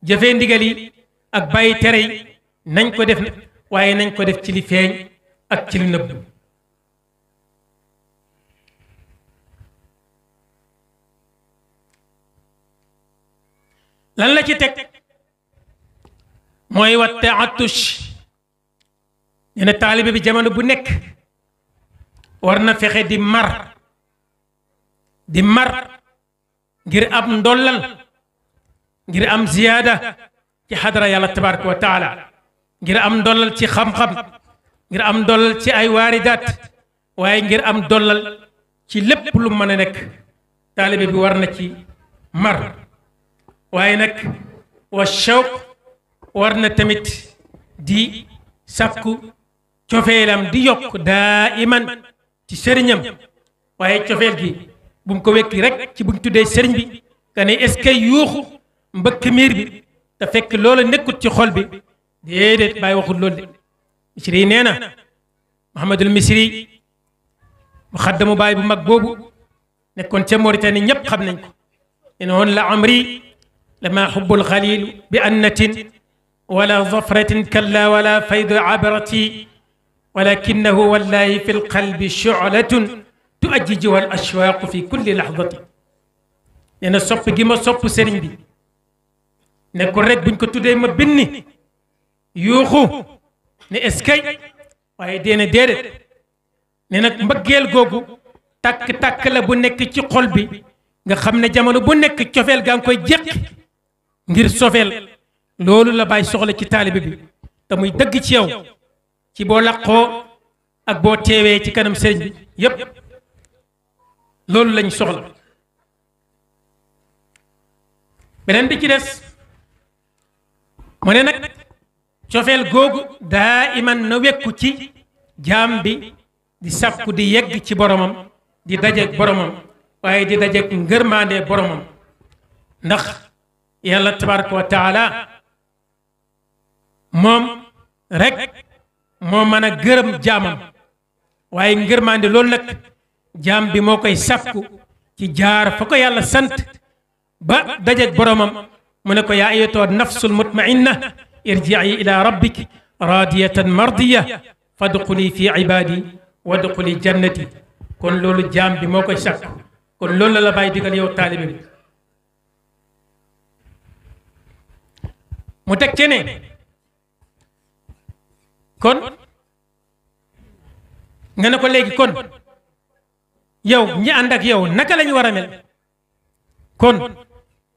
jëfee ndigal yi ak bàyyi nañ ko def ci li ak ci lan la ci teg mooy watte attush ñu taalibe bi jamono bu nekk war na fexe di mar di mar ngir am ndollal ngir am ziyaada ci xadara yàlla tabaraka wa taala ngir am ndollal ci xam-xam ngir am ndollal ci ay waaridaat waaye ngir am ndollal ci lépp lu mën a nekk taalibe bi war na ci mar waaye nag wa shawq war na tamit di sàkku cofeelam di yokk daa ci sëriñam waaye cofeel gi bu ko wekki rek ci buñ tuddee sëriñ bi nga ne est-ce que yuuxu mbëkk miir bi te fekk loola nekkut ci xol bi déedéet bàyyi waxul lool de misri yi nee na Mouhamadul Misri mu xaddamu baay bu mag boobu nekkoon ca Mauritanie ñëpp xam nañ ko ine woon la amri lama xubbul xalilu bi annatin wala zafratin kalla wala faydu abarati walakinahu wallahi fi lqalbi cholatun tuajjijuha al ashwaaqu fi kulli lahdatin nee na sopp gi ma sopp sëriñ bi ne ko rek buñ ko tuddee ma binni yuuxu ne eskay waaye déene déedéet ne nag mbëggeel googu tàkk-tàkk la bu nekk ci xol bi nga xam ne jamono bu nekk cofeel gaa ngi koy jéq ngir sofeel loolu la bàyyi soxla ci taalibe bi te muy dëgg ci yow ci boo laqoo ak boo teewee ci kanam sëriñ bi yépp loolu lañ soxla beneen bi ci des mu ne nag cofeel googu daa iman na wekku ci jaam bi di sàkku di yegg ci boromam di dajeeg boromam waaye di dajeeg ngërmaandee boromam ndax yàlla tabaraka wa taala moom rek moo mën a gërëm jaamam waaye ngërmaande loolu nag jaam bi moo koy sàkku ci jaar fa ko yàlla sant ba dajeeg boromam mu ne ko yaa ayyatuha nafsul mutmainna irjii ila rabbik raadiyatan mardiya fadxuli fi ibaadi wadxuli jannati kon loolu jaam bi moo koy sàkku kon loolu la la bàyyi digal yow mu teg ci kon nga ne ko léegi kon yow ñi ànd ak yow naka la ñu war a mel kon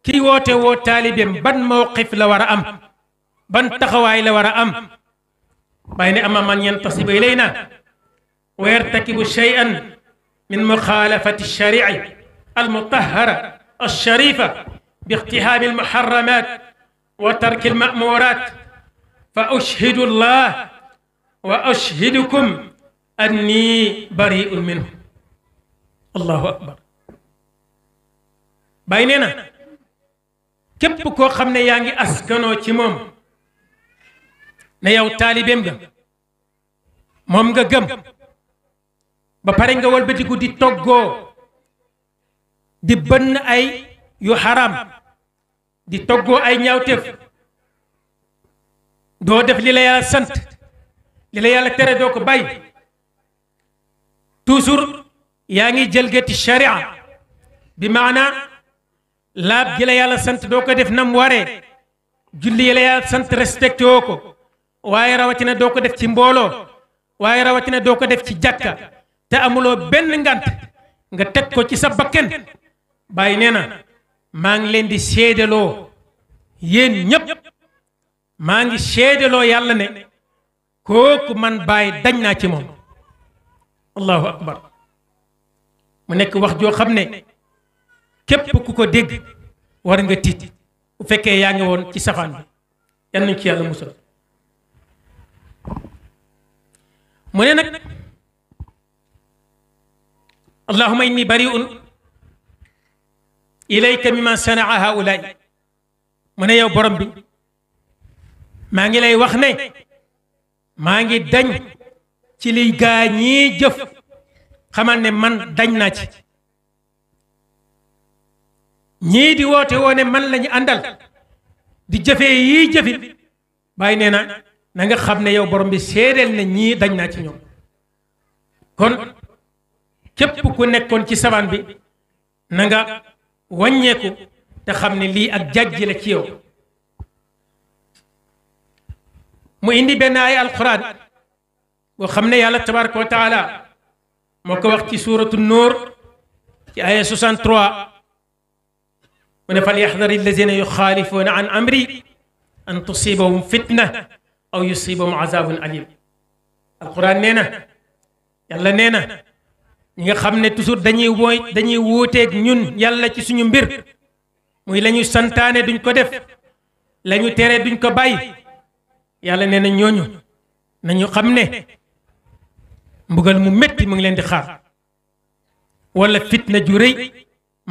kii woote woo taalibeem ban mawqif la war a am ban taxawaay la war a am bàyyi ne ama man yantasibu ilayna wa yartakibu shay'an min muxaalafati sharii almutahara alsharifa biixtihaami almuharramaat wa tarki alma'muuraat fa ushhidu allah wa ashhidukum anni bari'un minhu allahu akbar bàyyi nee na képp koo xam ne yaa ngi askanoo ci moom ne yow taalibeem nga moom nga gëm ba pare nga walbatiku di toggoo di bënn ay yu xaraam di toggoo ay ñaawteef doo def li la li yàlla tere doo ko bàyyi toujours yaa ngi jëlgati sharia bi maana laab gi yàlla sant doo ko def nam waree julli yi yàlla sant respecté woo ko waaye rawatina doo ko def ci mbooloo waaye rawatina doo ko def ci jàkka te amuloo benn ngant nga teg ko ci sa bakken bàyyi nee na maa ngi leen di seedaloo yéen ñépp maa ngi seedaloo yàlla ne kooku man bàyyi dañ naa ci moom allahu akbar mu nekk wax joo xam ne képp ku ko dégg war nga tiit bu fekkee yaa ngi woon ci safaan bi yan nañ ci yàlla musal mu ne nag allahuma inni bariun ilayka mimma sanaa haulaay mu ne yow borom bi maa ngi lay wax ne maa ngi dañ ci liy gaa ñii jëf xamal ne man dañ naa ci ñii di woote woone man lañu àndal di jëfee yii jëfit bàyyi nee na na nga xam ne yow borom bi séedeel na ñii dañ naa ci ñoom kon képp ku nekkoon ci sabaan bi nanga waññeeku te xam ne lii ak jàjj la ci yow mu indi benna ay alquran boo xam ne yàlla tabaraka wa taala moo ko wax ci suuratu nuur ci aya 63 mu ne fal yaxdari allazina yuxaalifuuna an amri an tusibahum fitna aw yusibahum azabun alim alquran nee na yàlla nee na nga xam ne toujours dañuy wooy dañuy wuuteeg ñun yàlla ci suñu mbir muy la ñu santaane duñu ko def la tere duñ ko bàyyi yàlla nee na ñooñu nañu xam ne mbugal mu metti mu ngi leen di xaar wala fitna ju rëy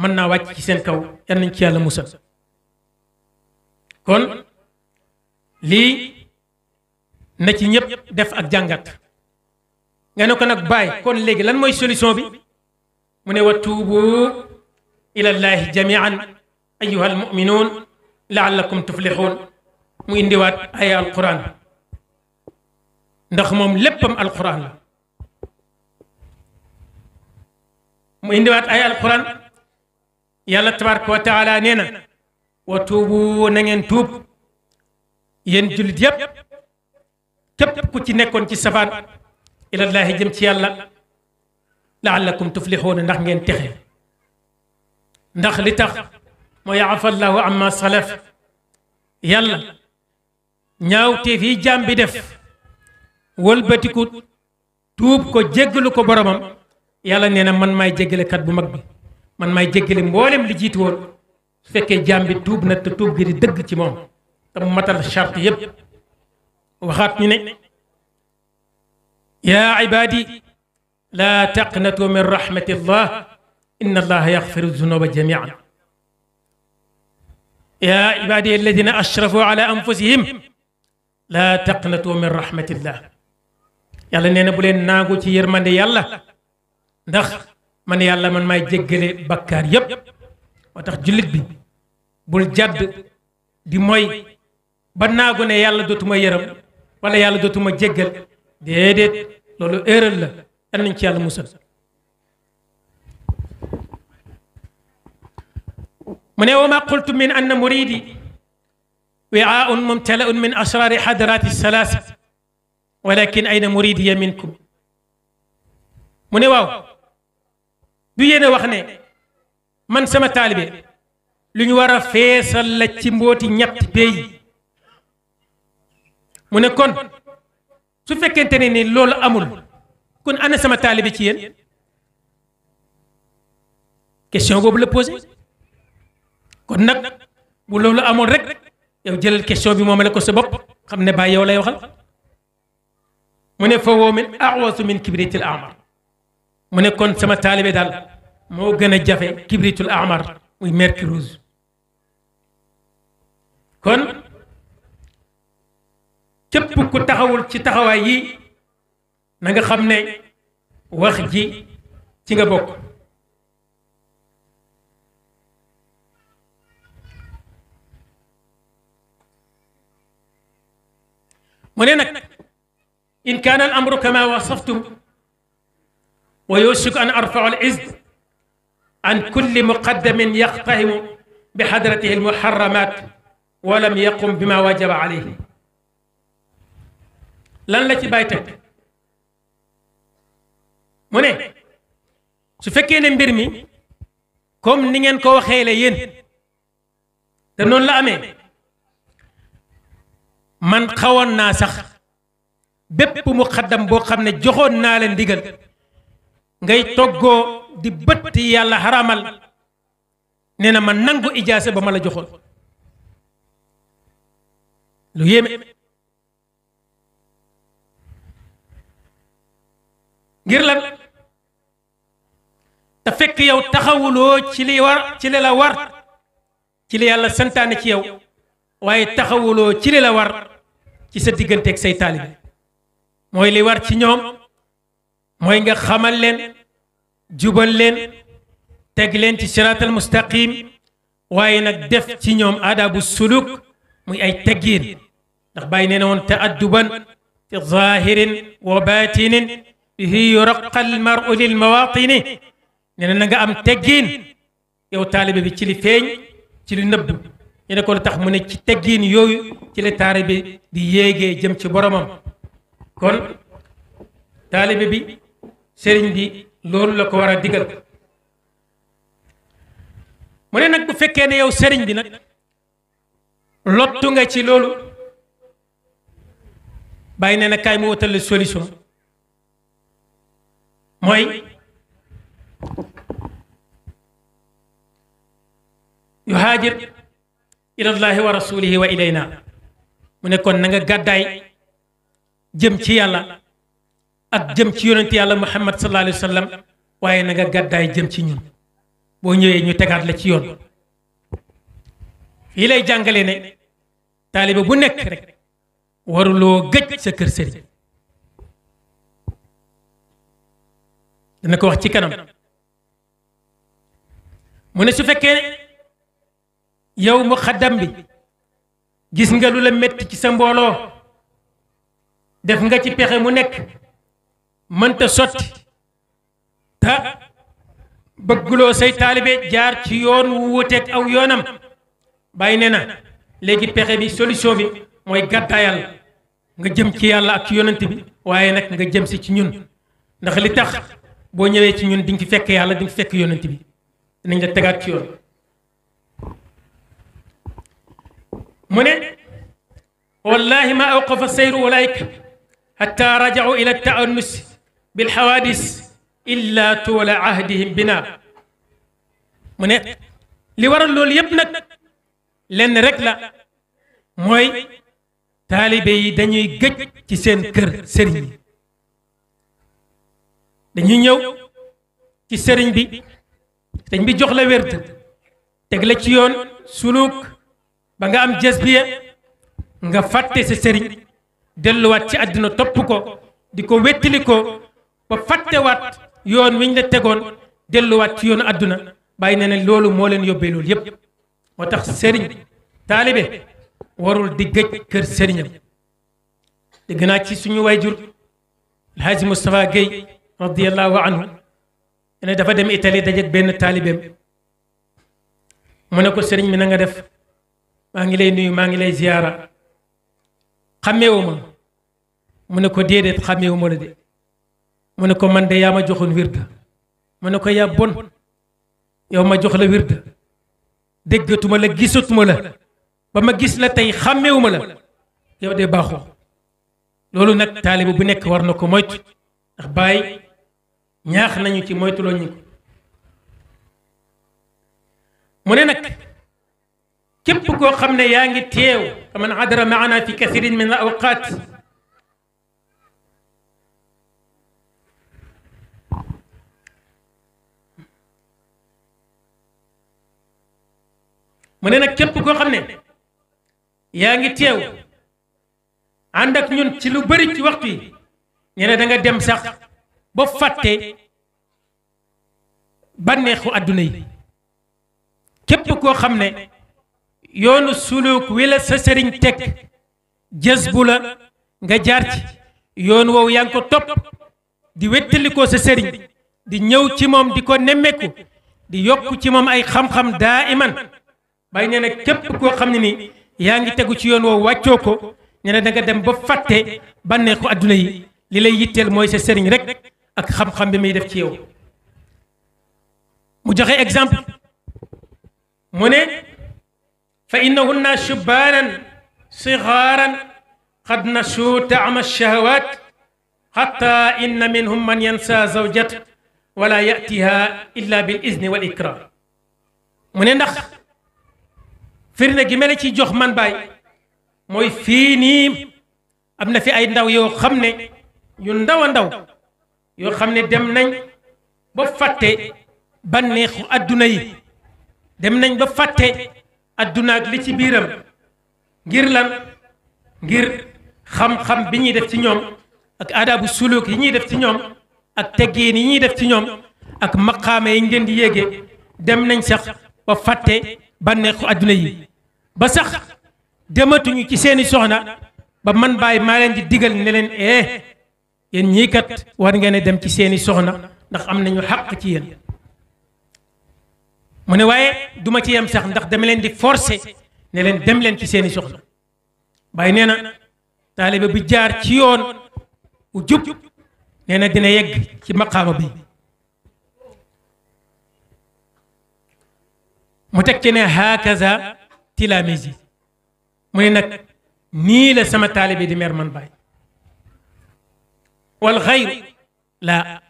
mën naa wàcc ci seen kaw yal nañ ci yàlla musal kon lii na ci ñëpp def ak jàngat nga ne kon nag baay kon léegi lan mooy solution bi mu ne wa tuubu ila llahi jamian ayuha almuminuun laallakum tuflixuun mu indiwaat ay alquran ndax moom léppam alquran la mu indiwaat ay alquran yàlla tabaraka wa taala nee na wa tuubu na ngeen tuub yéen jullit yépp képp ku ci nekkoon ci safaan ilallaahi jëm ci yàlla laallakum tuflixuuna ndax ngeen texe ndax li tax mooy afallahu amma salaf yàlla ñaawteef yi jaam bi def wëlbatiku tuub ko jéggalu ko boromam yàlla nee na man may jéggalekat bu mag bi man may jéggale mboolem li jiitu woon su fekkee jaam tuub na te tuub gi dëgg ci moom te mu matal yépp waxaat ñi ne yaa ibaadi laa taqnatu min rahmatillah inna allaha yaxfiru zunuba jamian yaa ibaadi alladina ashrafu ala anfusihim laa taqnatu min rahmatillah yàlla nee na bu leen naagu ci yërmande yàlla ndax man yàlla man maay jéggale bakkaar yépp moo tax jullit bi bul jàdd di mooy ba naagu ne yàlla dootuma yërëm wala yàlla dootuma jéggal déedéet loolu erreur la yal nañ ci yàlla musal mu ne wa ma qultu min anna muridi wi'aa un mumtala'un min asraari a salaasa walakin ayna muridiya minkum mu ne waaw du yéene wax ne man sama taalibe lu ñu war a sala la ci mbooti ñett mu ne kon su fekkente ne ni loolu amul kon ana sama taalibe ci yéen question boobu la posé kon nag bu loolu amul rek. yow jëlal question bi moomale ko sa bopp xam ne bàyyi yow lay waxal mu ne fa woo min awasu min kibritul amar mu ne kon sama taalibe daal moo gën a jafe kibritul amar muy mercure rouge kon képp ku taxawul ci taxawaay yi na nga xam ne wax ci nga bokk mu ne nag in kaana al amru kama wasaftum wa yusiku an arfau al izd an kulli muqaddamin yaqtahimu bi xadratihi al muharramat wa lam yaqum bima wajaba alayhi lan la ci bàyyi teg mu ne su fekkee ne mbir mi comme ni ngeen ko waxee la yéen te noonu la amee man xawoon naa sax bépp mu xaddam boo xam ne joxoon naa la ndigal ngay toggoo di bëtt yàlla xaramal nee na ma nangu ijaase ba ma la joxoon lu yéeme ngir lan te fekk yow taxawuloo ci li war ci li la war ci li yàlla santaane ci yow waaye taxawuloo ci li la war ci sa digganteek say taalibe mooy li war ci ñoom mooy nga xamal leen jubal leen teg leen ci siraatal mustaqim waaye nag def ci ñoom aadaabu suluk muy ay teggiin ndax bàyyi nee na woon taadduban fi zahirin wa batinin bihi yuraqa almaru lil mawatini nee na nga am teggiin yow taalibe bi ci li feeñ ci li nëbb ñu ne ko lu tax mu ne ci teggiin yooyu ci la taalibe di yéegee jëm ci boromam kon taalibe bi sëriñ bi loolu la ko war a digal mu ne nag bu fekkee ne yow sëriñ bi nag lottu nga ci loolu bàyyi nee na kaay mu wutal solution mooy yu haajir ilallahi wa rasulihi wa ilayna mu ne kon na nga gàddaay jëm ci yàlla ak jëm ci yonent yàlla muhammad sallallahu alayhi wa sallam waaye na gàddaay jëm ci ñun boo ñëwee ñu tegaat la ci yoon fii lay jàngale ne taaliba bu nekk rek waruloo gëj sa kër sëriñ dana ko wax ci kanam mu ne su fekkee yow mu xaddam bi gis nga lu la metti ci sa mbooloo def nga ci pexe mu nekk mënta sotti te bëgguloo say taalibe jaar ci yoon wu wuteeg aw yoonam bàyyi ne na léegi pexe bi solution bi mooy gàddaayal nga jëm ci yàlla ak ci yonent bi waaye nag nga jëm si ci ñun ndax li tax boo ñëwee ci ñun di ñu fi fekk yàlla di nga fi fekk yonent bi dinañ la tegaat ci yoon mu ne wallahi ma awqafa sayru ulaayka xatta rajacu ila taannusi bilxawaadis illa tuwala ahdihim bina mu ne li waral loolu yépp nag lenn rek la mooy taalibe yi dañuy gëj ci seen kër sëriñ bi dañuy ñëw ci sëriñ bi sëriñ bi jox la wérd teg la ci yoon suluuk ba nga am jasbiya nga fàtte sa sëriñ delluwaat ci àdduna topp ko di ko wettili ko ba fàttewaat yoon wiñ la tegoon delluwaat ci yoonu àdduna bàyyi na ne loolu moo leen yóbbee loolu yépp moo tax sëriñ taalibe warul di gëj kër sëriñam dégg naa ci suñu wayjur alhaaji Moustapha Guèye radiallahu anhu dafa dem Italie dajeek benn taalibeem mu ne ko sëriñ mi na nga def maa ngi lay nuyu maa ngi lay ziyaara xàmmeewu ma mu ne ko déedéet xàmmeewu la de mu ne ko man de yaa ma joxoon wirda mu ne ko yaa bon yow ma jox la wirda déggatuma la gisatuma la ba ma gis la tey xàmmeewu ma la yow de baaxoo loolu nag taalibe bu nekk war na ko moytu ndax bàyyi ñaax nañu ci moytuloo ñu ko mu ne nag képp koo xam ne yaa ngi teew man adara maana fi kathirin min al awqat mu ne na képp koo xam ne yaa ngi teew ànd ak ñun ci lu bëri ci waxtu yi danga dem sax ba fàtte bànneexu àdduna yi képp koo xam ne yoonu suluk wi la sa sëriñ teg jës bu la nga jaar ci yoon woowu yaa ngi ko topp di wettalikoo sa sëriñ di ñëw ci moom di ko nemmeeku di yokk ci moom ay xam-xam daa iman bay nee na képp koo xam ne ni yaa ngi tegu ci yoon woowu wàccoo ko nee danga dem ba fàtte bànneexu adduna yi li lay yitteel mooy sa sëriñ rek ak xam-xam bi muy def ci yow mu joxe exemple mu ne fa innahunna shubbaanan sigaaran qad nashuu taama shahawaat xatta inna minhum man yansa zawjat wala yatiha illa bil izni wal ikram mu ne ndax firnde gi mel ci jox man baay mooy fii nii am na fi ay ndaw yoo xam ne yu ndaw a ndaw yoo xam ne dem nañ ba fàtte banneexu adduna yi dem nañ ba fàtte adduna li ci biiram ngir lan ngir xam-xam bi ñuy def ci ñoom ak aadaabu suluk yi ñuy def ci ñoom ak teggeen yi ñuy def ci ñoom ak maxaame yi ngeen di yéege dem nañ sax ba fàtte bànneexu adduna yi ba sax dematuñu ci seeni soxna ba man baay maa leen di digal neleen leen eh yéen ñii kat war ngeen dem ci seeni soxna ndax am nañu xàq ci yéen mu ne waaye duma ci yem sax ndax dama leen di forcer ne leen dem leen ci seeni soxla bàyyi nee na taalibe bu jaar ci yoon u jub nee na dina yegg ci maqaama bi mu teg ci ne hakaza tilamisi mu ne nag nii la sama taalibe di mer man bàyyi wal xayr laa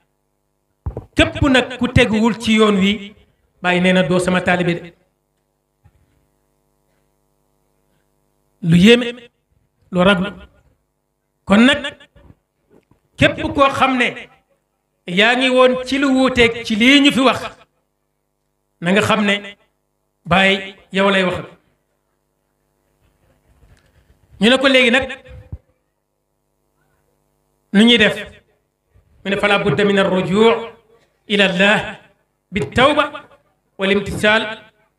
képp nag ku teguwul ci yoon wi bàyyi nee na doo sama taalibe de lu yéeme lu raglu kon nag képp koo xam ne yaa ngi woon ci lu wuuteeg ci lii ñu fi wax na nga xam ne bàyyi yow lay wax ñu ne ko léegi nag nu ñuy def mu ne fala budda min arrujuu ila allah bi tawba والامتثال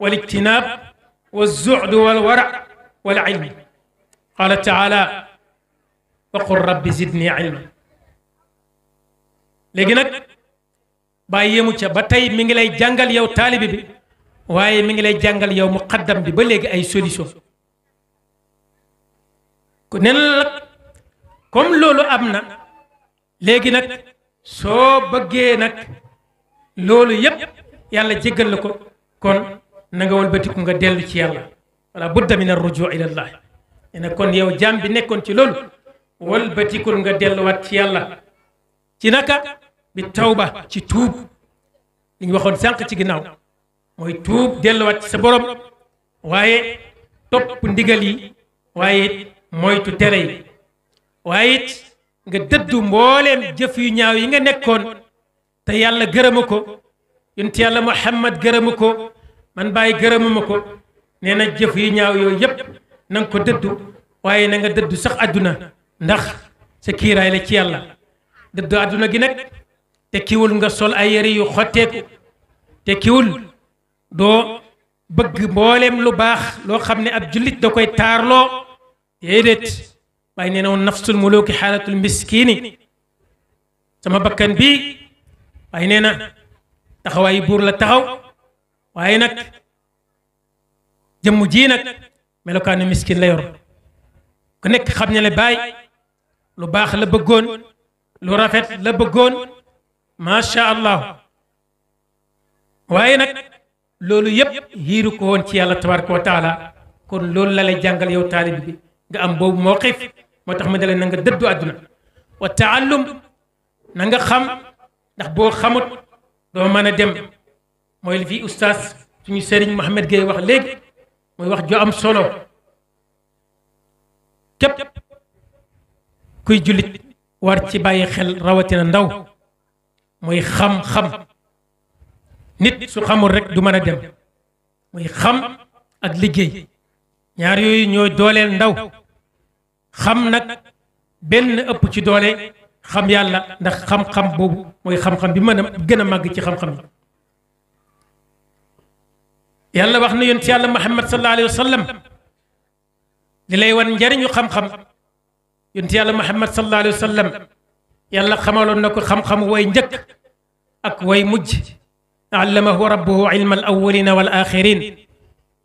والاجتناب والزعد والورع والعلم قال تعالى وقل رب زدني علما léegi nag bàyyi yemu ca ba tey mi ngi lay jàngal yow taalibi bi waaye mi ngi lay jàngal yow muqaddam bi ba léegi ay solution ku ne la nag comme loolu am na léegi nag soo bëggee nag loolu yépp yàlla jéggal la ko kon na nga nga dellu ci yàlla wala budda min arrujuu ila kon yow jaam bi nekkoon ci loolu walbatikul nga delluwaat ci yàlla ci naka bi tawba ci tuub li ñu waxoon sànq ci ginnaaw mooy tuub delluwaat ci sa boroom waaye topp ndigal yi waaye it moytu tere yi waaye it nga dëddu mbooleem jëf yu ñaaw yi nga nekkoon te yàlla gërëma ko yonent yàlla Muhammad gërëmu ko man bàyyi gërëmuma ko nee na jëf yu ñaaw yooyu yëpp na nga ko dëddu waaye na nga dëddu sax àdduna ndax sa kiiraay la ci yàlla dëddu àdduna gi nag te kiwul nga sol ay yëre yu xotteeku te kiwul doo bëgg mbooleem lu baax loo xam ne ab jullit da koy taarloo déedéet waaye nee na woon nafsul muluki xaalatul miskini sama bakkan bii waaye nee na taxawaayu buur la taxaw waaye nag jëmm ji nag melokaanu miskin la yor ku nekk xam ne la baay lu baax la bëggoon lu rafet la bëggoon macha allah waaye nag loolu yëpp yiiru ko woon ci yàlla tabaraka wa taala kon loolu la lay jàngal yow taalib bi nga am boobu moo xiif moo tax ma dalee na nga dëddu àdduna wa taallum na xam ndax boo xamut doo mën a dem mooy li fi ustaas suñu sëriñ Mouhamed Gueye wax léegi mooy wax ju am solo képp kuy jullit war ci bàyyi xel rawatina ndaw mooy xam-xam nit su xamul rek du mën a dem muy xam ak liggéey ñaar yooyu ñoo dooleel ndaw xam nag benn ëpp ci doole xam yàlla ndax xam-xam boobu mooy xam-xam bi mën a gën a màgg ci xam-xam yi yàlla wax na yonent yàlla Muhammad sallallahu alayhi wa sallam li lay wan njariñu xam-xam yonent yàlla Muhammad sallallahu alayhi wa sallam yàlla xamaloon na ko xam-xam way njëkk ak way mujj allamahu rabbuhu ilma al awwalina wal axirin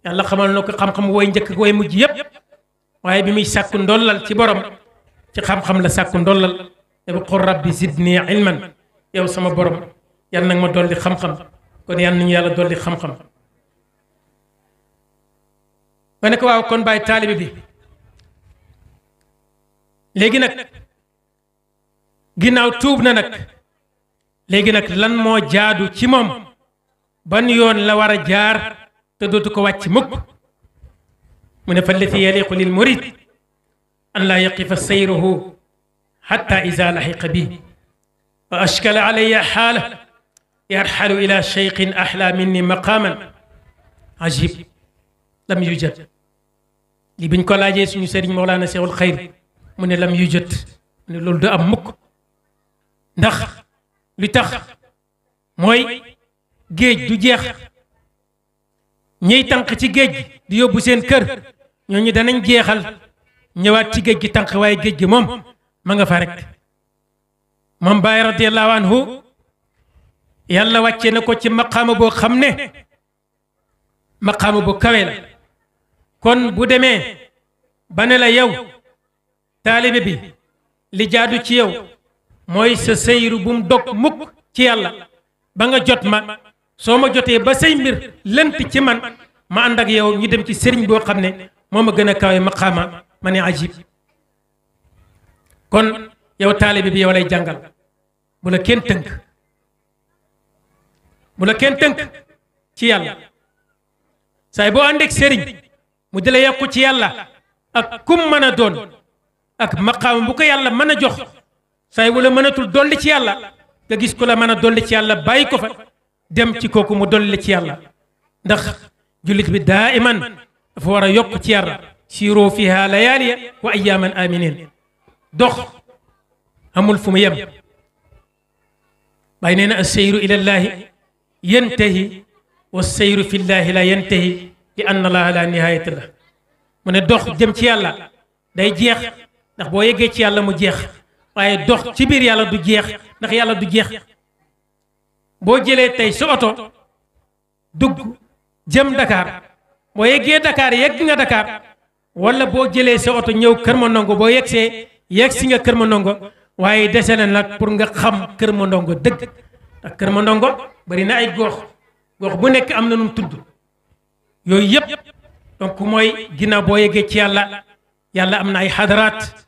yàlla xamal na ko xam-xam way njëkk ak way mujj yépp waaye bi muy sàkku ndollal ci borom ci xam-xam la sàkku ndollal qul rabbi zidni ilman yow sama borom yal nag ma dolli xam-xam kon yal nañu yàlla dolli xam-xam ma ne ko waaw kon bàyyi taalibe bi léegi nag ginnaaw tuub na nag léegi nag lan moo jaadu ci moom ban yoon la war a jaar te dootu ko wàcc mukk mu ne fa allati yaliqu lil murid an laa yaqifa sayruhu xatta ida laxiqa bi wa ashkala alaya xaala yarxalu ila cheyqin axla minni maqaaman ajib lam yujad li biñ ko laajee suñu sëriñ Mawlana Seexul Xayr mu ne lam yujad mu ne loolu du am mukk ndax li tax mooy géej du jeex ñiy tànq ci géej gi di yóbbu seen kër ñooñu danañ jeexal ñëwaat ci géej gi tànq waaye géej gi moom ma nga fa rek moom Baay radiyallahu anhu yàlla wàcce na ko ci maqaama boo xam ne maqaama bu kawe la kon bu demee ba la yow taalibe bi li jaadu ci yow mooy sa seyru bum mu dog mukk ci yàlla ba nga jot ma soo ma jotee ba say mbir lënt ci man ma ànd ak yow ñu dem ci sëriñ boo xam ne moo ma gën a kawe maqaama ma ne ajib kon yow taalib bi yow lay jàngal bu la kenn tënk bu kenn tënk ci yàlla saay boo àndeek sëriñ mu di la yàqu ci yàlla ak kum mën a doon ak maqaam bu yàlla mën a jox saay bu la mënatul dolli ci yàlla nga gis ku la mën a dolli ci yàlla bàyyi ko fa dem ci kooku mu dolli ci yàlla ndax jullit bi daa iman dafa war a yokk ci yàlla siiroo fiha layaaliya wa ayyaaman aminin dox amul fu mu yem bàyyi nee na asseyru ila llaahi yantahi wa seyru fi la yantahi li anna llaaha la nihaayata la mu ne dox jëm ci yàlla day jeex ndax boo yeggee ci yàlla mu jeex waaye dox ci biir yàlla du jeex ndax yàlla du jeex boo jëlee tey sa oto dugg jëm Dakar boo yeggee Dakar yegg nga Dakar wala boo jëlee sa oto ñëw Kër Manongo boo yegg yegg si nga Kër Mandongo waaye dese na nag pour nga xam Kër Mandongo dëgg ak Kër Mandongo bari na ay gox gox bu nekk am na nu tudd yooyu yëpp donc mooy ginnaaw boo yeggee ci yàlla yàlla am na ay xadaraat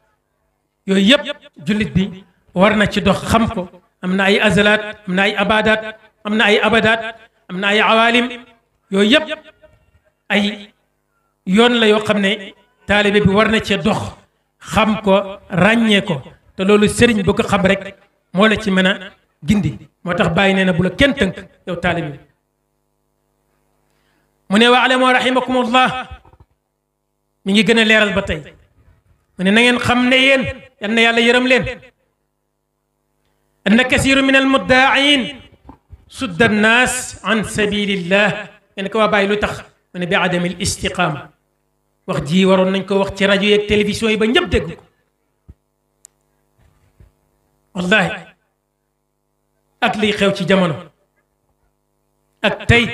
yooyu yëpp jullit bi war na ci dox xam ko am na ay azalaat am na ay abadaat am na ay abadaat am na ay awalim yooyu yëpp ay yoon la yoo xam ne taalibe bi war na cee dox. xam ko ràññee ko te loolu sëriñ bu ko xam rek moo la ci mën a gindi moo tax bàyyi nee na bu la kenn tënk yow bi mu ne wa alamoo rahimakumullah mi ngi gën a leeral ba tey mu ne na ngeen xam ne yéen yal na yàlla yërëm leen anna kasiru min al muddaain sudda annaas an sabilillah ngeen ko waa bàyyi lu tax mu ne bi adami al wax jii waroon nañ ko wax ci rajo yeeg télévision yi ba ñëpp dégg ko wallahi ak liy xew ci jamono ak tey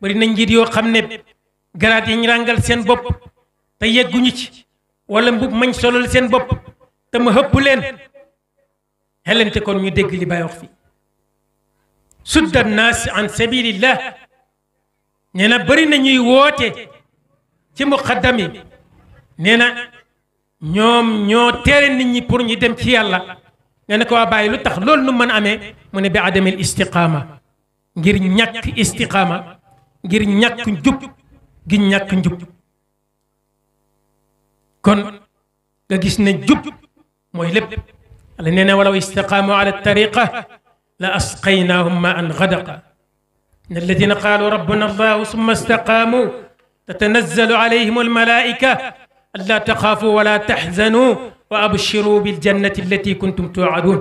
bari na njiit yoo xam ne garaat yi ñu ràngal seen bopp te yegguñu ci wala mbub mañ solal seen bopp te ma hëpp leen xelente kon ñu dégg li bay wax fii sudda naas an sabilillah nee na bari na woote ci muqaddam yi nee na ñoom ñoo tere nit ñi pour ñu dem ci yàlla nga ne ko waa bàyyi lu tax loolu nu mën amee mu ne bi adamil istiqaama ngir ñàkk istiqaama ngir ñàkk njub gi ñàkk njub kon nga gis ne jub mooy lépp ala nee na walaw istaqaamu ala tariqa la asqaynaahum ma an gadaqa ne alladina qaalu rabbuna allahu summa istaqaamu tatanazzalu alayhim almalaika allaa taxaafu wala taxzanu wa abshiru biljannati allati kuntum tuuaduun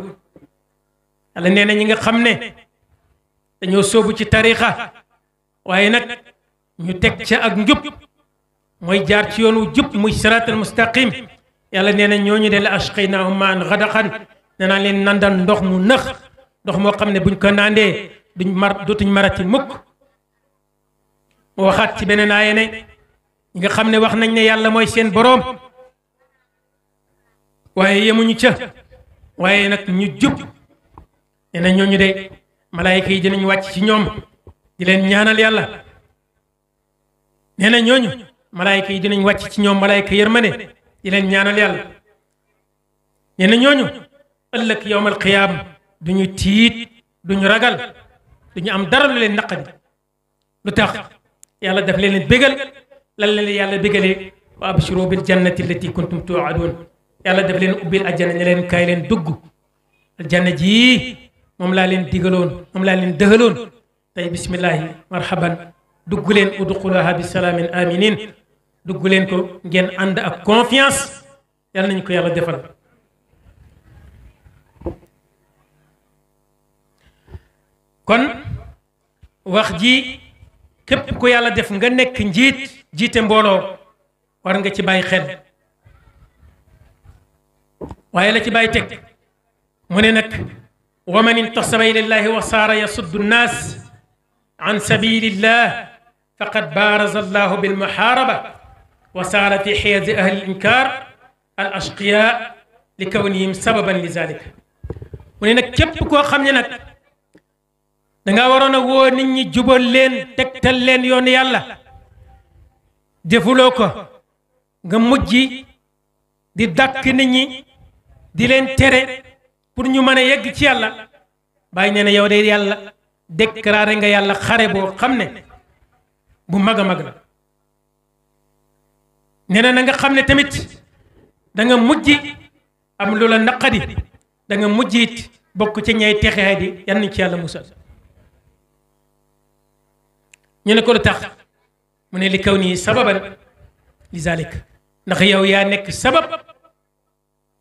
yàlla nee na ñi nga xam ne dañoo sóobu ci tariixa waaye nag ñu teg ca ak njub mooy jaar ci yoon wu jub muy siraat al mustaqim yàlla nee na ñooñu de la ashqaynaahum maan xadaxan danaa leen nandal ndox mu nëx ndox moo xam ne buñ ko naandee duñ mar dootuñ marati mukk mu waxaat ci beneen aaye ne ñi nga xam ne wax nañ ne yàlla mooy seen boroom waaye yemuñu ca waaye nag ñu jub nee na ñooñu de malaayika yi dinañ wàcc ci ñoom di leen ñaanal yàlla nee na ñooñu malaayika yi dinañ wàcc ci ñoom malaayika yërmande di leen ñaanal yàlla nee na ñooñu ëllëg yowmal qiyaam duñu tiit duñu ragal duñu am dara lu leen naqadi lu tax yàlla daf leen bégal lan la leen yàlla bégalee wa abshiru bil jannati allati kuntum tuuaduun yàlla daf leen ubbil aljanna ne leen kaay leen dugg aljanna jii moom laa leen digaloon moom laa leen dëhaloon tey bismillahi marhaban dugg leen udxulaha bi salaamin aminin dugg leen ko ngeen ànd ak confiance yàlla nañu ko yàlla defal kon wax ji képp ku yàlla def nga nekk njiit jiite mbooloo war nga ci bàyyi xel waaye la ci bàyyi teg mu ne nag wa man intasaba ilallaahi wa saara yasuddu nnaas an sabilillah faqad baaraza allahu bilmuxaaraba wa saara fi xiyadi ahli linkaar al ashqiya li kawnihim sababan li zalika mu ne nag képp koo xam ne nag danga waroon a woo nit ñi jubal leen tegtal leen yoon yàlla defuloo ko nga mujj di dàkk nit ñi di leen tere pour ñu mën a yegg ci yàlla bàyyi nee na yow de yàlla déclaré nga yàlla xare boo xam ne bu mag a mag la nee a nga xam ne tamit da nga mujj am lu la naqadi da mujj yit bokk ci ñay texee di yan ci yàlla musal ñu ne ko lu tax mu ne li kaw nii sababan li ndax yow yaa nekk sabab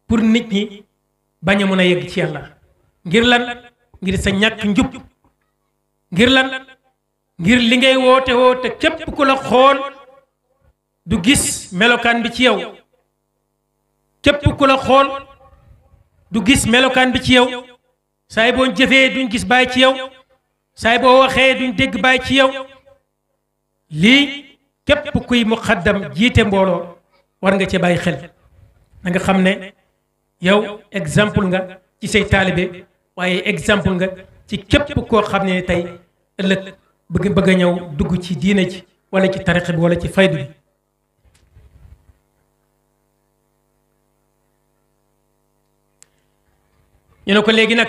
pour nit ñi bañ a mën a yegg ci yàlla ngir lan ngir sa ñàkk njub ngir lan ngir li ngay woote woo te képp ku la xool du gis melokaan bi ci yow képp ku la xool du gis melokaan bi ci yow saay boo jëfee duñ gis baay ci yow saay boo waxee duñ dégg baay ci yow lii képp kuy muqaddam jiite mbooloo war nga ci bàyyi xel na nga xam ne yow exemple nga ci say taalibe waaye exemple nga ci képp koo xam ne tey ëllëg bëgg bëgg a ñëw dugg ci diine ci wala ci tariq bi wala ci faydu bi ñu ne ko léegi nag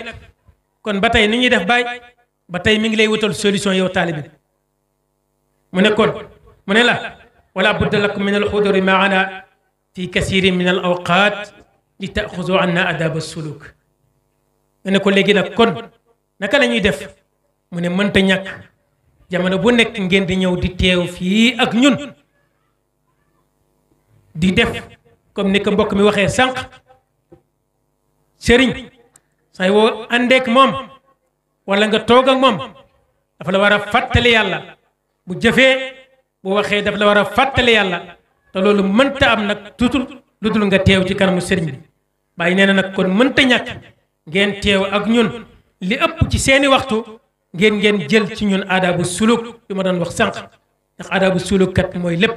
kon ba tey ni ñuy def baay ba tey mi ngi lay wutal solution yow taalibe mu ne kon mu ne la wala budda lakum min alxuduri maana fi kasiri min al awqaat li taaxuzu anna adaba suluk mu ne ko léegi nag kon naka la def mu ne mënta ñàkk jamono bu nekk ngeen di ñëw di teew fii ak ñun di def comme ni mbokk mi waxee sànq sëriñ say woo àndeek moom wala nga toog ak moom dafa la war a fàttali yàlla bu jëfee bu waxee daf la war a fàttali yàlla te loolu mënta am nag tutul lu dul nga teew ci kanamu sëriñ bi bàyyi nee na nag kon mënta ñàkk ngeen teew ak ñun li ëpp ci seeni waxtu ngeen ngeen jël ci ñun aadaabu suluk yu ma doon wax sànq ndax aadaabu suluk kat mooy lépp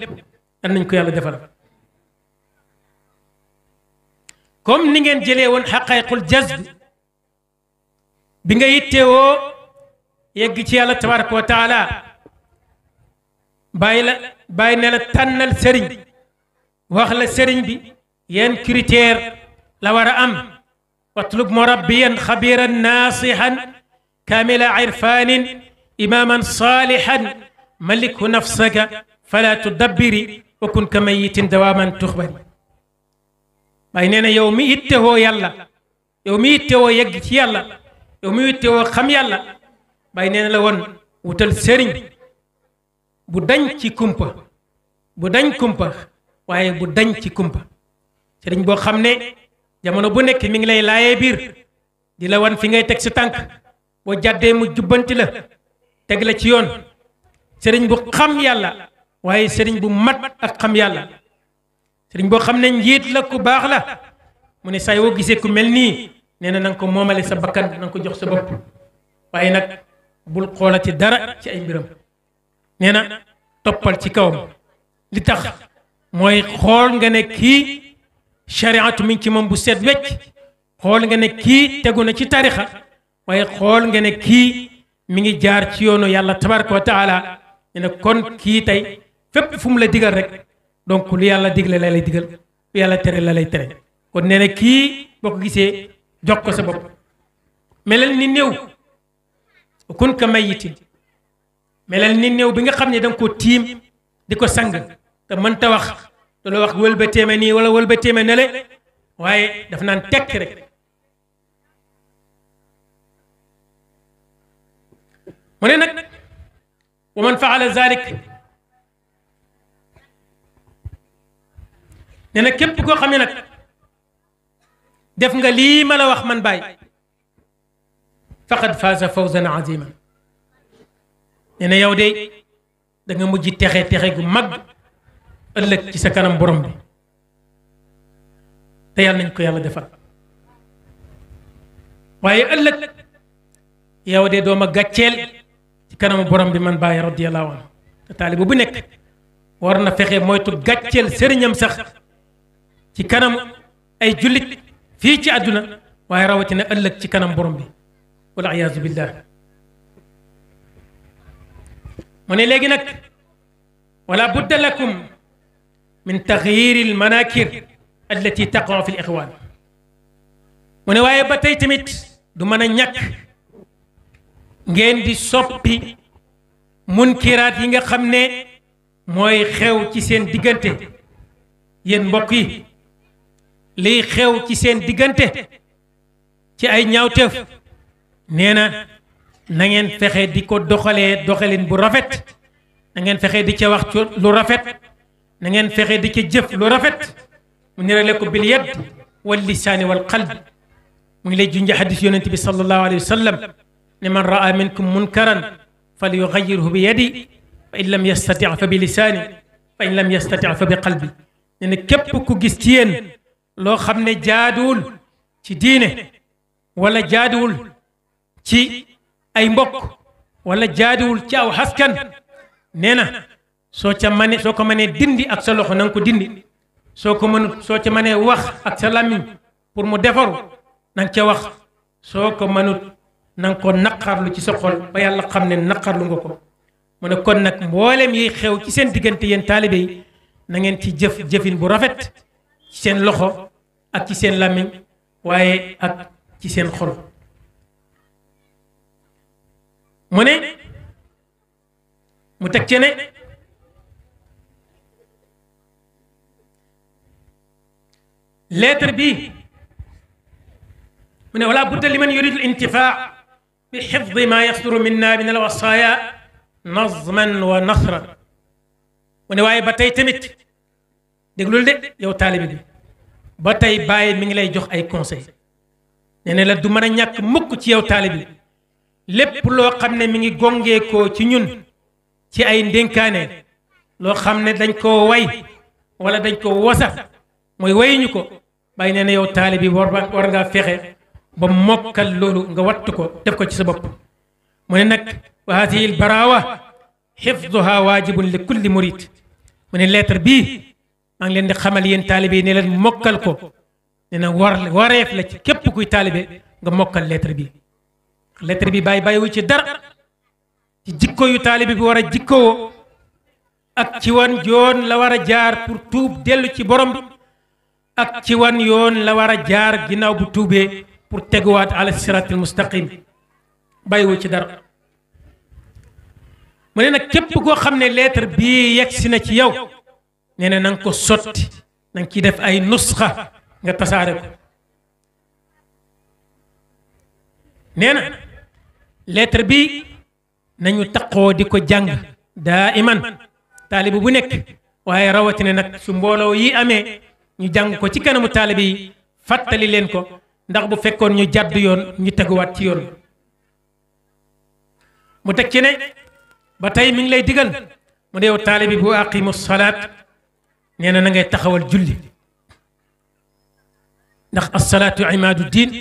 an nañ ko yàlla defal comme ni ngeen jëlee woon xaqaayiqul jazb bi nga yittewoo yegg ci yàlla tabaraka wa bàyyi la bàyyi ne la tànnal sëriñ wax la sëriñ bi yenn critère la war a am watlub murabbiyan xabiran naasihan kaamila irfaanin imaaman saalihan maliku nafsaka fala tudabbiri wa kun ka mayitin dawaaman tuxbari bàyyi nee na yow mi ittewoo yàlla yow mi ittewoo yegg ci yàlla yow mi ittewoo xam yàlla bàyyi nee na la woon wutal sëriñ bu dañ ci kumpa bu dañ kumpa waaye bu dañ ci kumpa sëriñ boo xam ne jamono bu nekk mi ngi lay laayee biir di la wan fi ngay teg sa tànk boo jàddee mu jubbanti la teg la ci yoon sëriñ bu xam yàlla waaye sëriñ bu mat ak xam yàlla sëriñ boo xam ne njiit la ku baax la mu ne saay woo gisee ku mel nii nee na nanga ko moomale sa bakkan nanga ko jox sa bopp waaye nag bul xoolati dara ci ay mbiram nee na toppal ci kawam li tax mooy xool nga ne kii shariatu mi ci moom bu set wecc xool nga ne kii tegu na ci tarixa waaye xool nga ne kii mu ngi jaar ci yoonu yàlla tabaraka wa taala nee na kon kii tey fépp fu mu la digal rek donc lu yàlla digle la lay digal lu yàlla tere la lay tere kon nee na kii boo ko gisee jox ko sa bopp melal ni néew kun ka mayitin melal ni néew bi nga xam ne da nga ko tiim di ko sang te mënta wax du la wax wëlbatéema nii wala wëlbatéema nele waaye daf naan tekk rek mu ne nag wa man faala zalik ne na képp koo xam nag def nga lii ma la wax man baay faqad faaza fawzan azima nee na yow de da nga mujj texe texe gu mag ëllëg ci sa kanam borom bi te yàlla nañ ko yàlla defal waaye ëllëg yow de dooma gàcceel ci kanamu borom bi man Baye radiyallahu anhu te taaliba bu nekk war na fexe moytu gàcceel sëriñam sax ci kanamu ay jullit fii ci àdduna waaye rawatina ëllëg ci kanam borom bi wala iyaazu billah mu ne léegi nag wala budda lakum min taxyiri almanakir allati taqaw fi lixwan mu ne waaye ba tey tamit du mën a ñàkk ngeen di soppi munkiraat yi nga xam ne mooy xew ci seen diggante yéen mbokk yi liy xew ci seen diggante ci ay ñaawteef nee naa na ngeen fexe di ko doxalee doxalin bu rafet na ngeen fexe di ca wax lu rafet na ngeen fexe di ca jëf lu rafet mu nirale ko bil yad wal lisaani wal qalb mu ngi lay junj xadis yonent bi sallallahu alayhi wa sallam ne man raa minkum munkaran fal yuxayirhu bi yadi fa in lam yastati fa bi lisaani fa in lam yastati fa bi qalbi ne ne képp ku gis ci yéen loo xam ne jaaduwul ci diine wala jaaduwul ci ay mbokk wala jaaduwul caaw aw askan nee na soo ca mane soo ko mënee dindi ak sa loxo na ko dindi soo ko mënut soo ca manee wax ak sa làmmiñ pour mu defaru na nga ca wax soo ko mënut nan nga ko naqarlu ci sa xol ba yàlla xam ne naqarlu nga ko mu ne kon nag mboolem yi xew ci seen diggante yéen taalibe yi na ngeen ci jëf jëfin bu rafet ci seen loxo ak ci seen làmmiñ waaye ak ci seen xol mu ne mu teg ci ne lettre bi mu ne wala budda liman yuridu lintifaa bi xifdi ma yasduru minna min alwasaaya nazman wa nasran mu ne waaye ba tey tamit déglul de yow taalibi bi ba tey bàyyi mi ngi lay jox ay conseil nee na la du mën a ñàkk mukk ci yow taalibi lépp loo xam ne mi ngi gongeekoo ci ñun ci ay ndénkaane loo xam ne dañ koo way wala dañ ko wasaf mooy wayuñu ko bay nee na yow taali bi war war ngaa fexe ba mokkal loolu nga wattu ko def ko ci sa bopp mu ne nag wa haadihi l baraawa xifduha waajibun li kulli mu ne lettre bii maa ngi leen di xamal yéen taalibe yi ne leen mokkal ko ne na war wareef la ci képp kuy taalibe nga mokkal lettre bi lettre bi bay bàyyiwu ci dara ci jikko yu taalibe bi war a jikkoo ak ci wan yoon la war a jaar pour tuub dellu ci borom bi ak ci wan yoon la war a jaar ginnaaw bu tuubee pour teguwaat ala siratil mustaqim bàyyiwu ci dara mu ne nag képp koo xam ne lettre bi yegg si na ci yow nee na nga ko sotti na nga ciy def ay nusxa nga tasaare ko nee na lettre bi nañu taqoo di ko jàng daa iman taalibe bu nekk waaye rawatina nag su mbooloo yi amee ñu jàng ko ci kanamu taalibe yi fàttali leen ko ndax bu fekkoon ñu jàdd yoon ñu teguwaat ci yoon mu teg ci ne ba tey mi lay digal mu ne yow taalibe bu aqimu salaat nee na na ngay taxawal julli ndax asalaatu imaadu diin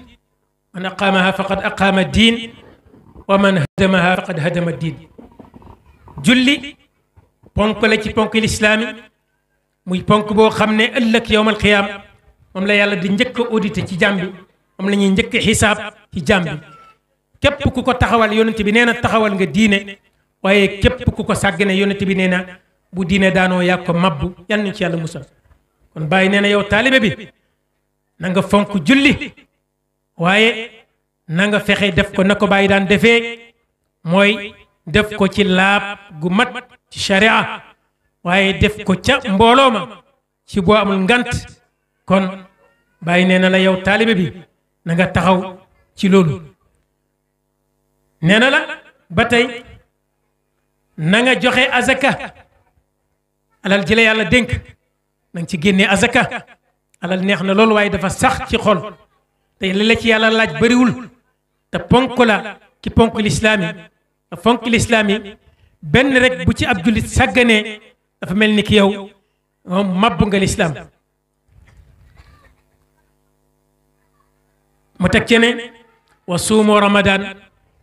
man aqaamaha faqad aqaama diin wa man hadamaha faqad hadama diin julli ponk la ci ponk lislaami muy ponk boo xam ne ëllëg yowmal qiyaam moom la yàlla di njëkk a ci jàmm bi moom la ñuy njëkk a xisaab ci jàmm bi ku ko taxawal yonent bi nee na taxawal nga diine waaye képp ku ko sàggane yonent bi nee na bu diine daanoo yaa ko mabbu yal nañu ci yàlla musal kon bàyyi nee na yow taalibe bi na fonk julli waaye na nga fexe def ko na ko bàyyi daan defee mooy def ko ci laab gu mat ci sharia waaye def ko ca mbooloo ma ci boo amul ngant kon bàyyi nee na la yow taalibe bi na taxaw ci loolu nee na la ba tey na nga joxe azaka alal ji la yàlla dénk na nga ci génnee azaka alal neex na loolu waaye dafa sax ci xol te li yàlla laaj bariwul te ponk la ci ponk lislaam yi te ponk lislaam yi benn rek bu ci ab jullit sàgganee dafa mel ni ki yow moom màbb nga lislaam mu teg ci ne wa suumu ramadan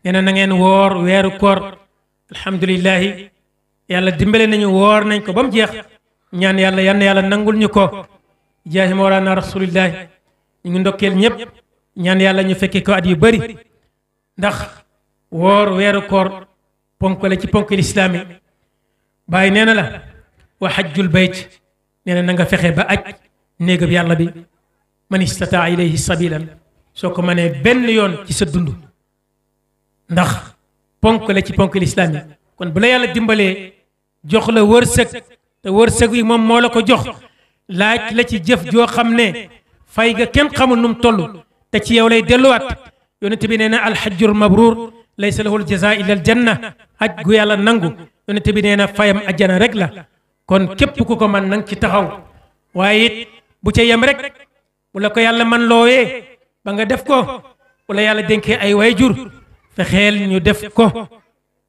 nee na na ngeen woor weeru koor alhamdulilahi yàlla dimbale nañu woor nañ ko ba mu jeex ñan yàlla yan yàlla nangul ñu ko jaahi mawlaana rasulillahi ñu ngi ndokkeel ñëpp ñaan yàlla ñu fekki ko at yu bëri ndax woor weeru koor ponk la ci ponk lislaam yi bàyyi nee na la wa xajjul bayt nee na nga fexe ba aj néegab yàlla bi man istataa ilayhi sabilan soo ko mënee benn yoon ci sa dund ndax ponk la ci ponk lislaam kon bu la yàlla dimbalee jox la wërsëg te wërsëg yi moom moo la ko jox laaj la ci jëf joo xam ne fay nga kenn xamul nu mu te ci yow lay delluwaat yonent bi nee na alxajjul mabruur laysa lahul jazaa illa aljanna aj gu yàlla nangu yonent bi nee na fayam ajjana rek la kon képp ku ko man nang ci taxaw waaye it bu ca yem rek bu la ko yàlla man looyee ba nga def ko bu la yàlla dénkee ay waajur fexeel ñu def ko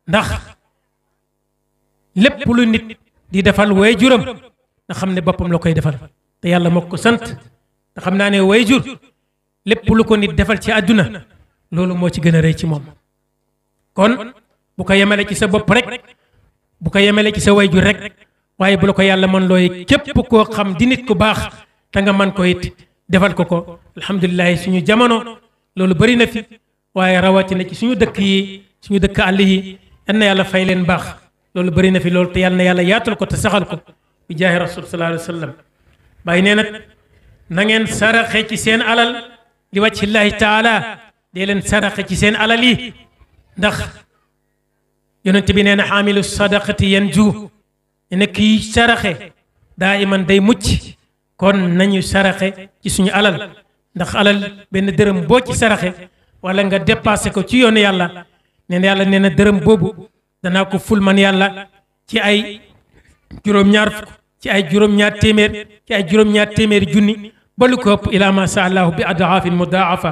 ndax lépp lu nit di defal waajuram nga xam ne boppam la koy defal te yàlla moo ko sant te xam naa ne waajur lépp lu ko nit defal ci àdduna loolu moo ci gën a rëy ci moom kon bu ko yemale ci sa bopp rek bu ko yemale ci sa way wayjur rek waaye bu la ko yàlla mën looy képp koo xam di nit ku baax te nga man ko it defal ko ko alhamdulilah suñu jamono loolu bëri na fi waaye rawatina ci suñu dëkk yi suñu dëkk àll yi yal na yàlla fay leen baax loolu bëri na fi loolu te yal na yàlla yaatal ko te saxal ko bi jaahi rasul sallallahu alayhi wa sallam nee na na ngeen ci seen alal li wàcc dee leen saraxe ci seen alal yi ndax yonent bi nee na xaamilu sadaqati yanju ne na kii saraxe daa iman day mucc kon nañu saraxe ci suñu alal ndax alal benn dërëm boo ci saraxe wala nga dépassé ko ci yoonu yàlla nee yàlla nee na dërëm boobu danaa ko ful man yàlla ci ay juróom-ñaar ci ay juróom téeméer ay juróom-ñaar téeméer junni ba ko ëpp ilaa maa sha allahu bi adhaafin mudaafa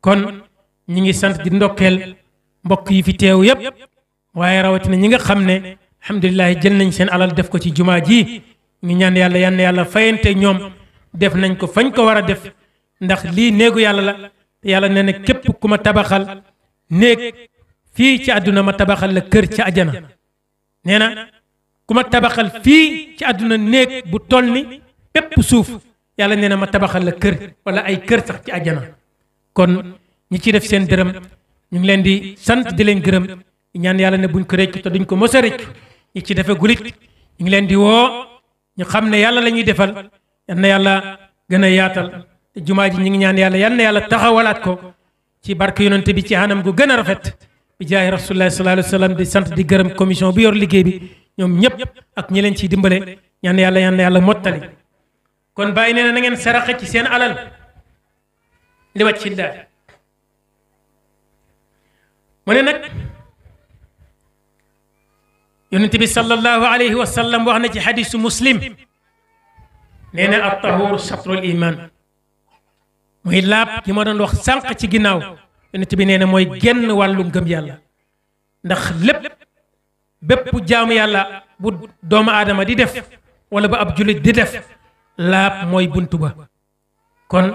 kon ñi ngi sant di ndokkeel mbokk yi fi teew yépp waaye rawatina ñi nga xam ne alhamdulilah jël nañ seen alal def ko ci jumaa ji ñu ñaan yàlla yann yàlla fayante ñoom def nañ ko fañ ko war a def ndax lii néegu yàlla la yàlla nee na képp ku ma tabaxal néeg fii ci àdduna ma tabaxal la kër ci ajana nee na ku ma tabaxal fii ci àdduna néeg bu toll ni bépp suuf yàlla nee na ma tabaxal la kër wala ay kër sax ci ajana kon ñi ciy def seen dërëm ñu ngi leen di sant di leen gërëm ñaan yàlla ne buñ ko réccu te duñ ko mos a ñi ci defe gulit ñu ngi leen di woo ñu xam ne yàlla la ñuy defal yan na yàlla gën a yaatal te jumaa ji ñu ngi ñaan yàlla yan na yàlla taxawalaat ko ci barke yonante bi ci anam gu gën a rafet bi jaay rasulullah sallallahu alayhi wa sallam di sant di gërëm commission bi yor liggéey bi ñoom ñëpp ak ñi leen ciy dimbale ñan yàlla yan yàlla mottali kon bàyyi nee na na ngeen mu ne nag yonent bi sallallahu alayhi wa wax na ci xadisu muslim nee na al tahuur chatrul iman muy laab gi ma doon wax sànq ci ginnaaw yonent bi nee na mooy genn wàllu ngëm yàlla ndax lépp bépp jaamu yàlla bu doomu aadama di def wala ba ab jullit di def laab mooy buntu ba kon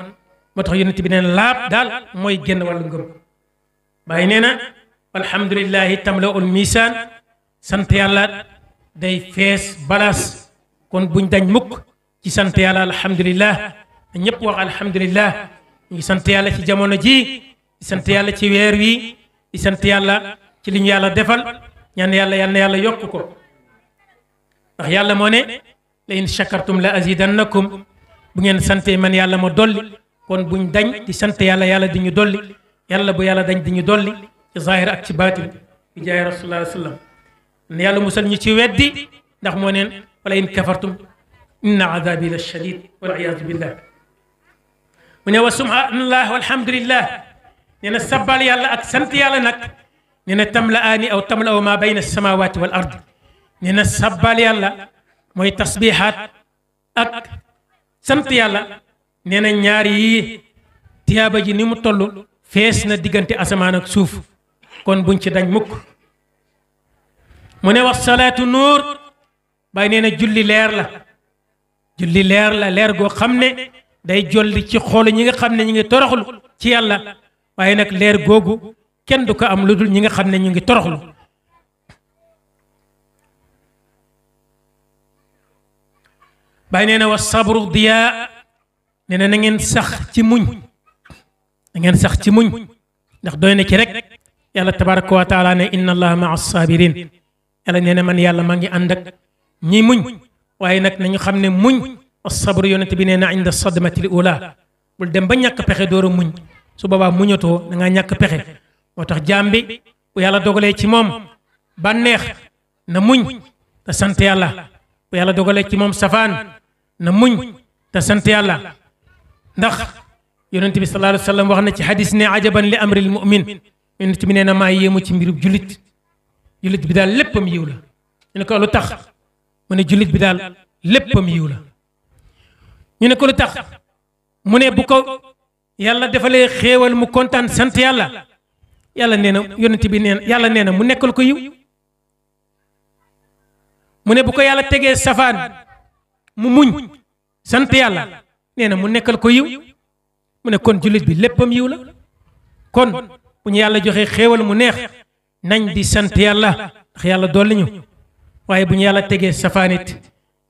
moo tax yonent bi nee na laab daal mooy genn wàllu ngëm bàyyi nee na alhamdulillahi tamla ul misaan sant yàlla day fees balaas kon buñ dañ mukk ci sant yàlla alhamdulillah ñëpp wax alhamdulillah ñu ngi sant yàlla ci jamono ji di sant yàlla ci weer wi di sant yàlla ci liñu yàlla defal ñaan yàlla yal na yàlla yokk ko ndax yàlla moo ne la in shakartum la azidannakum bu ngeen sante man yàlla moo dolli kon buñ dañ di sant yàlla yàlla di ñu dolli yàlla bu yàlla dañ di ñu dolli ci zahir ak ci baatin bi jaay rasulullah sallam ne yàlla musal ñu ci weddi ndax moo neen wala in kafartum inna azabi la shadid wal iyaadu billah mu ne wa subhanallah walhamdulillah nee na sabbal yàlla ak sant yàlla nag nee na tamla aani aw tamla aw ma bayna samawati wal ard nee na sabbal yàlla mooy tasbihaat ak sant yàlla nee na ñaar yii tiyaaba ji ni mu toll fees na diggante asamaan ak suuf kon buñ ci dañ mukk mu ne wax salaatu nuur bay nee na julli leer la julli leer la leer goo xam ne day jolli ci xool ñi nga xam ne ñu ngi toroxlu ci yàlla waaye nag leer googu kenn du ko am lu dul ñi nga xam ne ñu ngi toroxlu bay nee na wa sabru diyaa nee na na ngeen sax ci muñ na ngeen sax ci muñ ndax doy na ci rek yàlla tabaraka wa taala ne inna allaha maa sabirin yàlla nee na yàlla maa ngi ànd ak ñi muñ waaye nag nañu xam ne muñ asabru yonent bi nee na inda sadmatil ula bul dem ba ñàkk pexe door muñ su boobaa muñatoo da ngaa ñàkk pexe moo tax jaam bi bu yàlla dogalee ci moom bànneex na muñ te sant yàlla bu yàlla dogalee ci moom safaan na muñ te sant yàlla ndax yonent bi sallallahu alayhi wa wax na ci hadis ne ajaban li amril mu'min yonent bi nee na maa yéemu ci mbirub jullit jullit bi daal léppam yiw la ñu ne ko lu tax mu ne jullit bi daal léppam yiw la ñu ne ko lu tax mu ne bu ko yàlla defalee xéewal mu kontaan sant yàlla yàlla nee na yonent bi nee yàlla nee na mu nekkal ko yiw mu ne bu ko yàlla tegee safaan mu muñ sant yàlla nee na mu nekkal ko yiw mu ne kon jullit bi léppam yiw la kon bu ñu yàlla joxee xéewal mu neex nañ di sant yàlla ndax yàlla dolli ñu waaye bu ñu yàlla tegee safaanit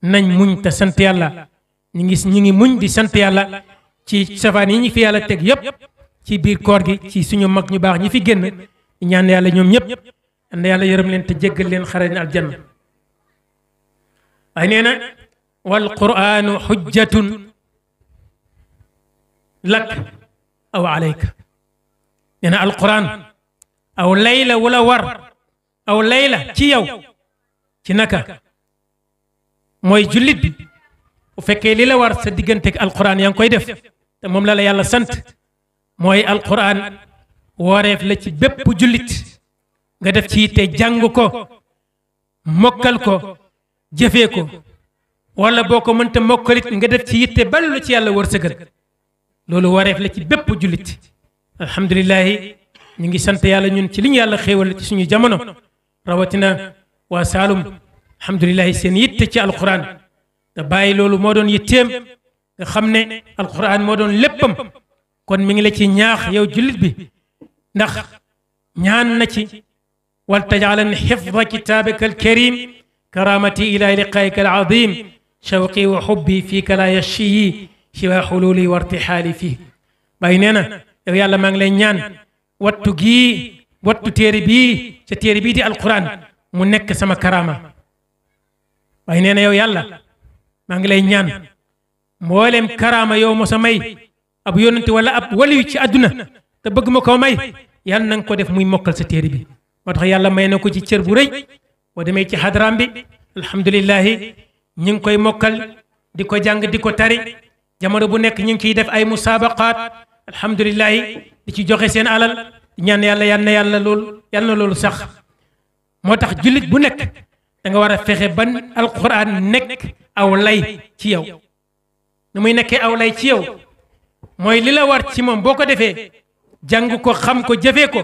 nañ muñ te sant yàlla ñu ngi ñu ngi muñ di sant yàlla ci safaan yi ñu fi yàlla teg yëpp ci biir koor gi ci suñu mag ñu baax ñi fi génn ñaan yàlla ñoom ñëpp and yàlla yërëm leen te jéggal leen xare leen aljanna waaye nee na wal quraanu xujjatun lak aw alayka nee na alquran aw layla wala war aw layla ci yow ci naka mooy jullit bi bu fekkee li la war sa diggante alquran yaa ngi koy def te moom lala yàlla sant mooy alquran wooreef la ci bépp jullit nga def ci te jàng ko mokkal ko jëfee ko wala boo ko mënta mokkalit nga def ci yitte balu la ci yàlla wërsëgal loolu wareef la ci bépp jullit alhamdulilah ñu ngi sant yàlla ñun ci li ñu yàlla xéewal ci suñu jamono rawatina waa Saalum alhamdulilah seen yitte ci alquran nga bàyyi loolu moo doon yitteem nga xam ne alquran moo doon léppam kon mi ngi la ci ñaax yow jullit bi ndax ñaan na ci wal tajaalan xifda kitaabika alkarim karamati ila liqaayika alazim shawqi wa xubbi fiika la yashiyi siwa xululi wa irtixaali fii bàyyi nee na yow yàlla maa ngi lay ñaan wattu gii wattu téere bii ca téere bii di alquran mu nekk sama karaama waaye nee na yow yàlla maa ngi lay ñaan mbooleem karaama yow mosa may ab yonante wala ab waliyu ci àdduna te bëgg ma koo may yàlla na nga ko def muy mokkal sa téere bi moo tax yàlla may na ko ci cër bu rëy boo demee ci xadaraam bi alhamdulilahi ñi ngi koy mokkal di ko jàng di ko tari jamono bu nekk ñu ngi ciy def ay musaabaqaat alhamdulilah di ci joxe seen alal ñaan yàlla yal na yàlla loolu yal loolu sax moo tax jullit bu nekk danga war a fexe ban alquran nekk aw lay ci yow nu muy nekkee aw lay ci yow mooy li la war ci moom boo ko defee jàng ko xam ko jëfee ko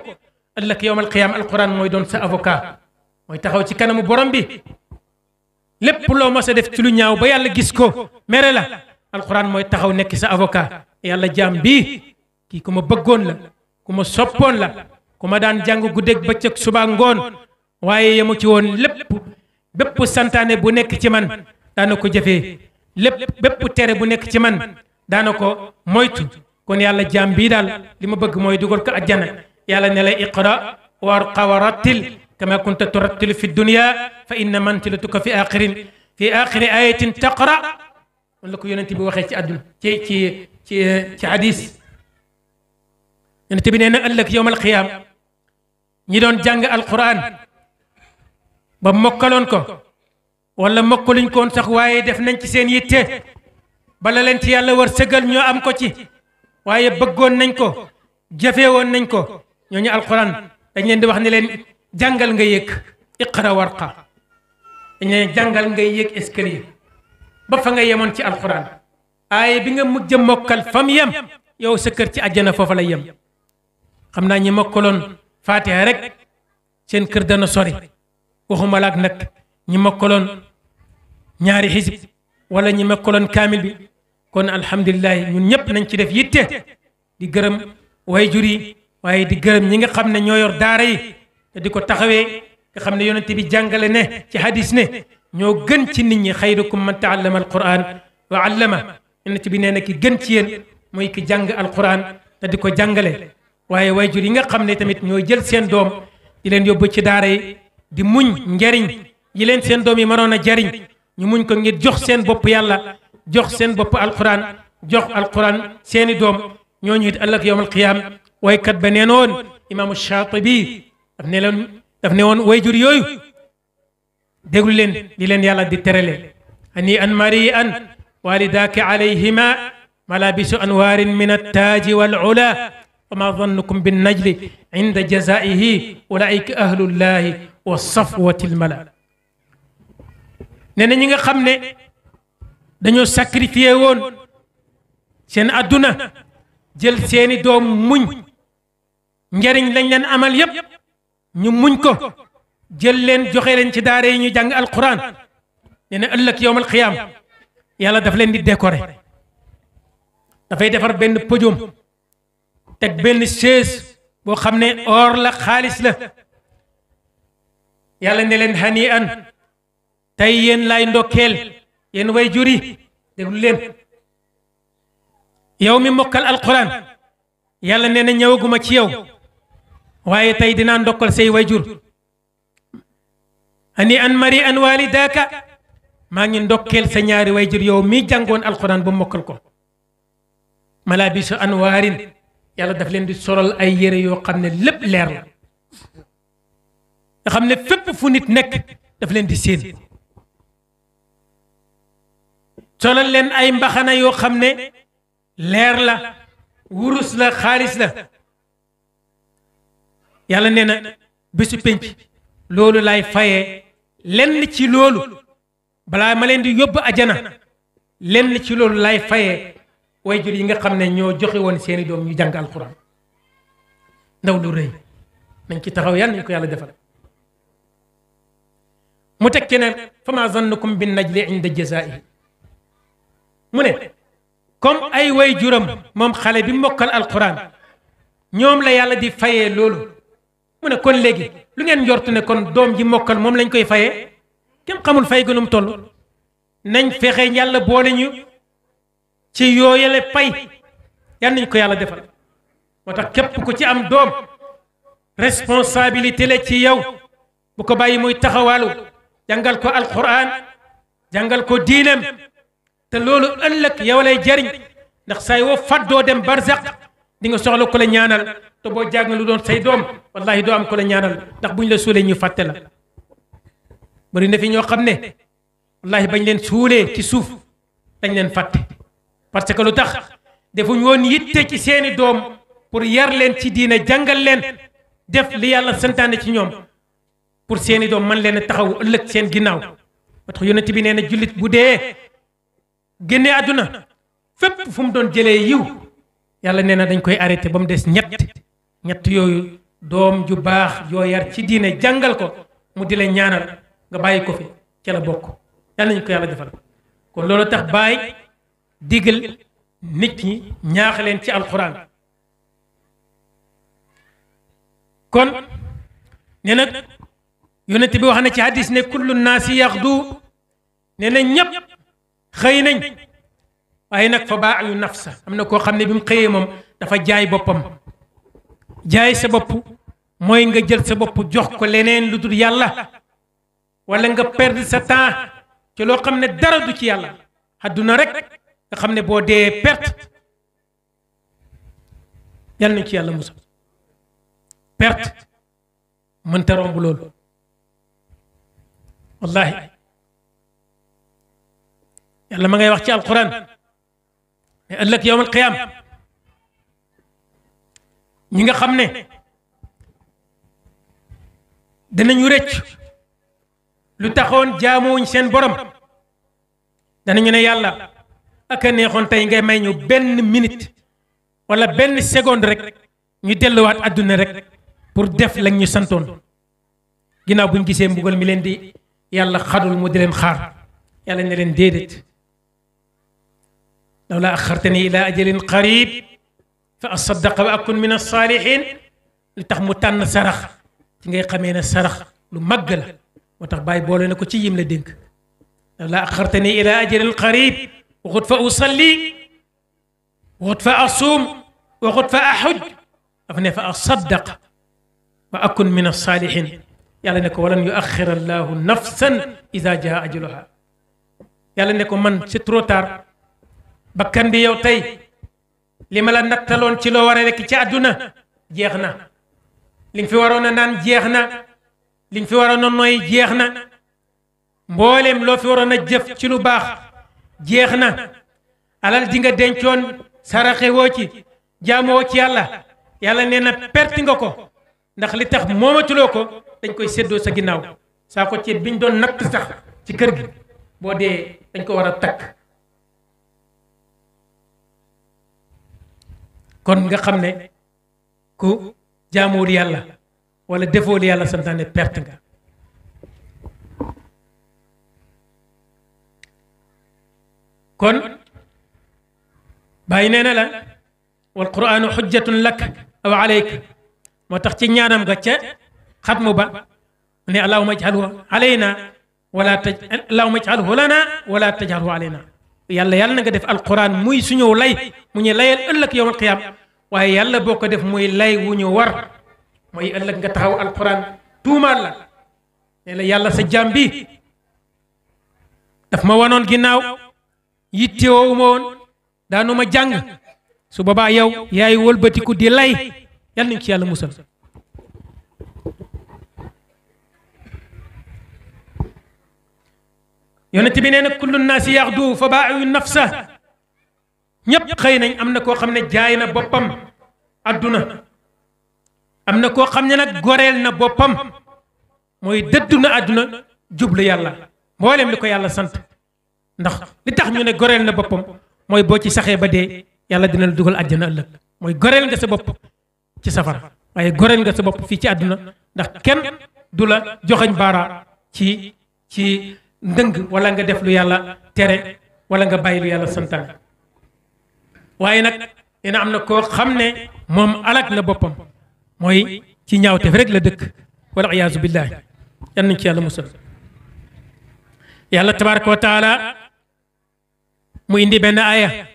ëllëg yowmal qiyaam alquran mooy doon sa avocat mooy taxaw ci kanamu borom bi lépp loo mos a def ci lu ñaaw ba yàlla gis ko mere la alquran mooy taxaw nekk sa avocat yàlla jaam bi kii ku ma bëggoon la ku ma soppoon la ku ma daan jàng guddeeg bëccëg suba ngoon waaye yemu ci woon lépp bépp santaane bu nekk ci man daana ko jëfee lépp bépp tere bu nekk ci man daana ko moytu kon yàlla jaam bii daal li ma bëgg mooy dugal ko ajjana yàlla ne lay iqra warqa wa rattil kama kunta turattilu fi dunya fa inna mantilatuka fi axirin fi axiri ayatin taqra man la ko yonent bi waxee ci àdduna ci ci ci ci yonent bi nee na ëllëg yowmal qiyaam ñi doon jàng alquran ba mokkaloon ko wala mokkaluñ koon sax waaye def nañ ci seen yitte bala leen ci yàlla war sëgal ñoo am ko ci waaye bëggoon nañ ko jafee woon nañ ko ñooñu alquran dañ leen di wax ni leen jàngal nga yéeg iqra warqa dañ leen jàngal nga yéeg escalier ba fa nga yemoon ci alquran aaye bi nga mujj a mokkal fam yem yow sa kër ci àjjana foofa la yem xam naa ñi mokkaloon faatiha rek seen kër dana sori waxuma laak nag ñi mokkaloon ñaari xisib wala ñi mokkaloon kaamil bi kon alhamdulilah ñun ñëpp nañ ci def yitte di gërëm way jur yi waaye di gërëm ñi nga xam ne ñoo yor daara yi te di ko taxawee nga xam ne yonente bi jàngale ne ci hadis ne ñoo gën ci nit ñi xayrukum man taallama alquran wa allama yonente bi nee na ki gën ci yéen mooy ki jàng alquran te di ko jàngale waaye wayjur yi nga xam ne tamit ñooy jël seen doom di leen yóbbu ci daara yi di muñ njariñ yi leen seen doom yi mënoon a jariñ ñu muñ ko ngir jox seen bopp yàlla jox seen bopp alquran jox alquran seeni doom ñooñu it ëllëg yowmal qiyaam waykat ba nee na woon imaamu Shaatibi daf ne leen daf ne woon wayjur yooyu déglu leen di leen yàlla di terale ani an mari an walidaaki alayhima malabisu anwaarin min attaaji wal ula wa maa zannukum bin najli inda jazaihi ulaika ahlullahi wa safwati lmala nee na ñi nga xam ne dañoo sacrifié woon seen adduna jël seeni doom muñ njariñ lañ leen amal yépp ñu muñ ko jël leen joxe leen ci daare yi ñu jàng alquran nee na ëllëg yowmal qiyaam yàlla daf leen di décorer dafay defar benn pëjoom teg benn chaise boo xam ne or la xaalis la yàlla ne leen xanii an tey yéen lay ndokkeel yéen way jur yi déglu leen yow mi mokkal alquran yàlla nee na ñëwaguma ci yow waaye tey dinaa ndokkal say way jur xanii an mari an walidaaka maa ngi ndokkeel sa ñaari way jur yow mii jàngoon alquran ba mokkal ko malaabisu anwaarin yàlla daf leen di solal ay yére yoo xam ne lépp leer la nga xam ne fépp fu nit nekk daf leen di séen solal leen ay mbaxana yoo xam ne leer la wurus la xaalis la yàlla nee na bésu pénc loolu lay faye lenn ci loolu balaa ma leen di yóbbu ajana lenn ci loolu laay fayee wayjur yi nga xam ne ñoo joxe woon seeni doom ñu jàng alxuraan ndaw lu rëy nañ ci taxaw yàlla nañ ko yàlla defal mu teg ci ne fama zannukum bin najli inda jazaa'ihi mu ne comme ay wayjuram moom xale bi mokkal alxuraan ñoom la yàlla di fayee loolu mu ne kon léegi lu ngeen njortu ne kon doom ji mokkal moom lañ koy fayee kenn xamul fay gënum toll nañ fexe yàlla boole ci yooyale pay yan nañ ko yàlla defal moo tax képp ku ci am doom responsabilité la ci yow bu ko bàyyi mooy taxawaalu jàngal ko alquran jàngal ko diineem te loolu ëllëg yow lay jariñ ndax saay woo faddoo dem barzaq di nga soxla ko la ñaanal te boo jàng lu doon say doom wallahi doo am ko la ñaanal ndax buñ la suulee ñu fàtte la bëri na fi ñoo xam ne wallahi bañ leen suulee ci suuf dañ leen fàtte parce que lu tax defuñ woon yitte ci seeni doom pour yar leen ci diine jàngal leen def li yàlla santaane ci ñoom pour seeni doom man leen a taxaw ëllëg seen ginnaaw ba tax yonent bi nee na jullit bu dee génne àdduna fépp fu mu doon jëlee yiw yàlla nee na dañ koy arrêté ba mu des ñett ñett yooyu doom ju baax yoo yar ci diine jàngal ko mu di la ñaanal nga bàyyi ko fi ca la bokk yàlla nañu ko yàlla defal kon loolu tax bàyyi digal nit ñi ñaax leen ci alxuraan kon nee nag yonent bi wax na ci hadis ne kullu naasi yaxdu nee nañ ñëpp xëy nañ waaye nag fa baayu nafsa am na koo xam ne bi mu xëyee moom dafa jaay boppam jaay sa bopp mooy nga jël sa bopp jox ko leneen lu dul yàlla wala nga perdre sa temps ci loo xam ne dara du ci yàlla àdduna rek nga xam ne boo dee perte yal nañ ci yàlla musal perte mënta romb loolu wallahi yàlla ma ngay wax ci alquran ne ëllëg yowmal qiyaam ñi nga xam ne danañu rëcc lu taxoon jaamuwuñ seen borom danañu ne yàlla ak a neexoon tey ngay may ñu benn minute wala benn seconde rek ñu delluwaat àdduna rek pour def lañ ñu santoon ginnaaw buñ gisee mbugal mi leen di yàlla xadul mu di leen xaar yàlla ne leen déedéet law laa axartani ila ajalin qarib fa asaddaqa wa akun min alsaalihin li tax mu tànn sarax ci ngay xamee ne sarax lu màgg la moo tax bàyyi boole na ko ci yim la dénk ajalin qarib waxut fa usalli waxut fa asuum waxut fa axuj dafa ne fa asaddaq wa akun min alsaalihin yàlla ne ko walan yuaxir allahu nafsan ida jaa ajaluha yàlla ne ko man c'est trop tard bakkan bi yow tey li ma la nattaloon ci loo war a rekk ci àdduna jeex na li nga fi waroon a naan jeex na li nga fi waroon a nooy jeex na mbooleem loo fi waroon a jëf ci lu baax jeex na alal ji nga dencoon saraxe woo ci jaamoo ci yàlla yàlla nee na perte nga ko ndax li tax moomatuloo ko dañ koy séddoo sa ginnaaw saa ko ceeb biñ doon natt sax ci kër gi boo dee dañ ko war a takk kon nga xam ne ku jaamuwul yàlla wala defoo li yàlla santaane perte nga kon bàyyi nee na la wal quraanu xujjatun lak aw alayk moo tax ci ñaanam ga ca xatmu ba ne allahuma ij'alhu alayna wala taj allahuma ij'alhu lana wala taj'alhu alayna yàlla yàlla na nga def alquran muy suñu lay mu ñu layal ëllëg yowmal qiyaam waaye yàlla boo ko def muy lay wu ñu war mooy ëllëg nga taxaw alquran tuumaal la ne la yàlla sa jaam bi daf ma wanoon ginnaaw yittewoo ma woon daanu ma jàng su boobaa yow yaay wëlbatiku di lay yal nañ ci yàlla musal yonent bi nee na kullu naasi yaxdu fa baayu nafsa ñépp xëy nañ am na koo xam ne jaay na boppam adduna am na koo xam ne nag goreel na boppam mooy dëddu na adduna jublu yàlla mboolem li ko yàlla sant ndax li tax ñu ne goreel na boppam mooy boo ci saxee ba dee yàlla dina la dugal àjjana ëllëg mooy goreel nga sa bopp ci safara waaye goreel nga sa bopp fii ci àdduna ndax kenn du la joxañ baara ci ci ndëng wala nga def lu yàlla tere wala nga bàyyi lu yàlla santaane waaye nag dina am na koo xam ne moom alak na boppam mooy ci ñaawteef rek la dëkk wala iyaazu billahi ci yàlla musal yàlla mu indi benn aaya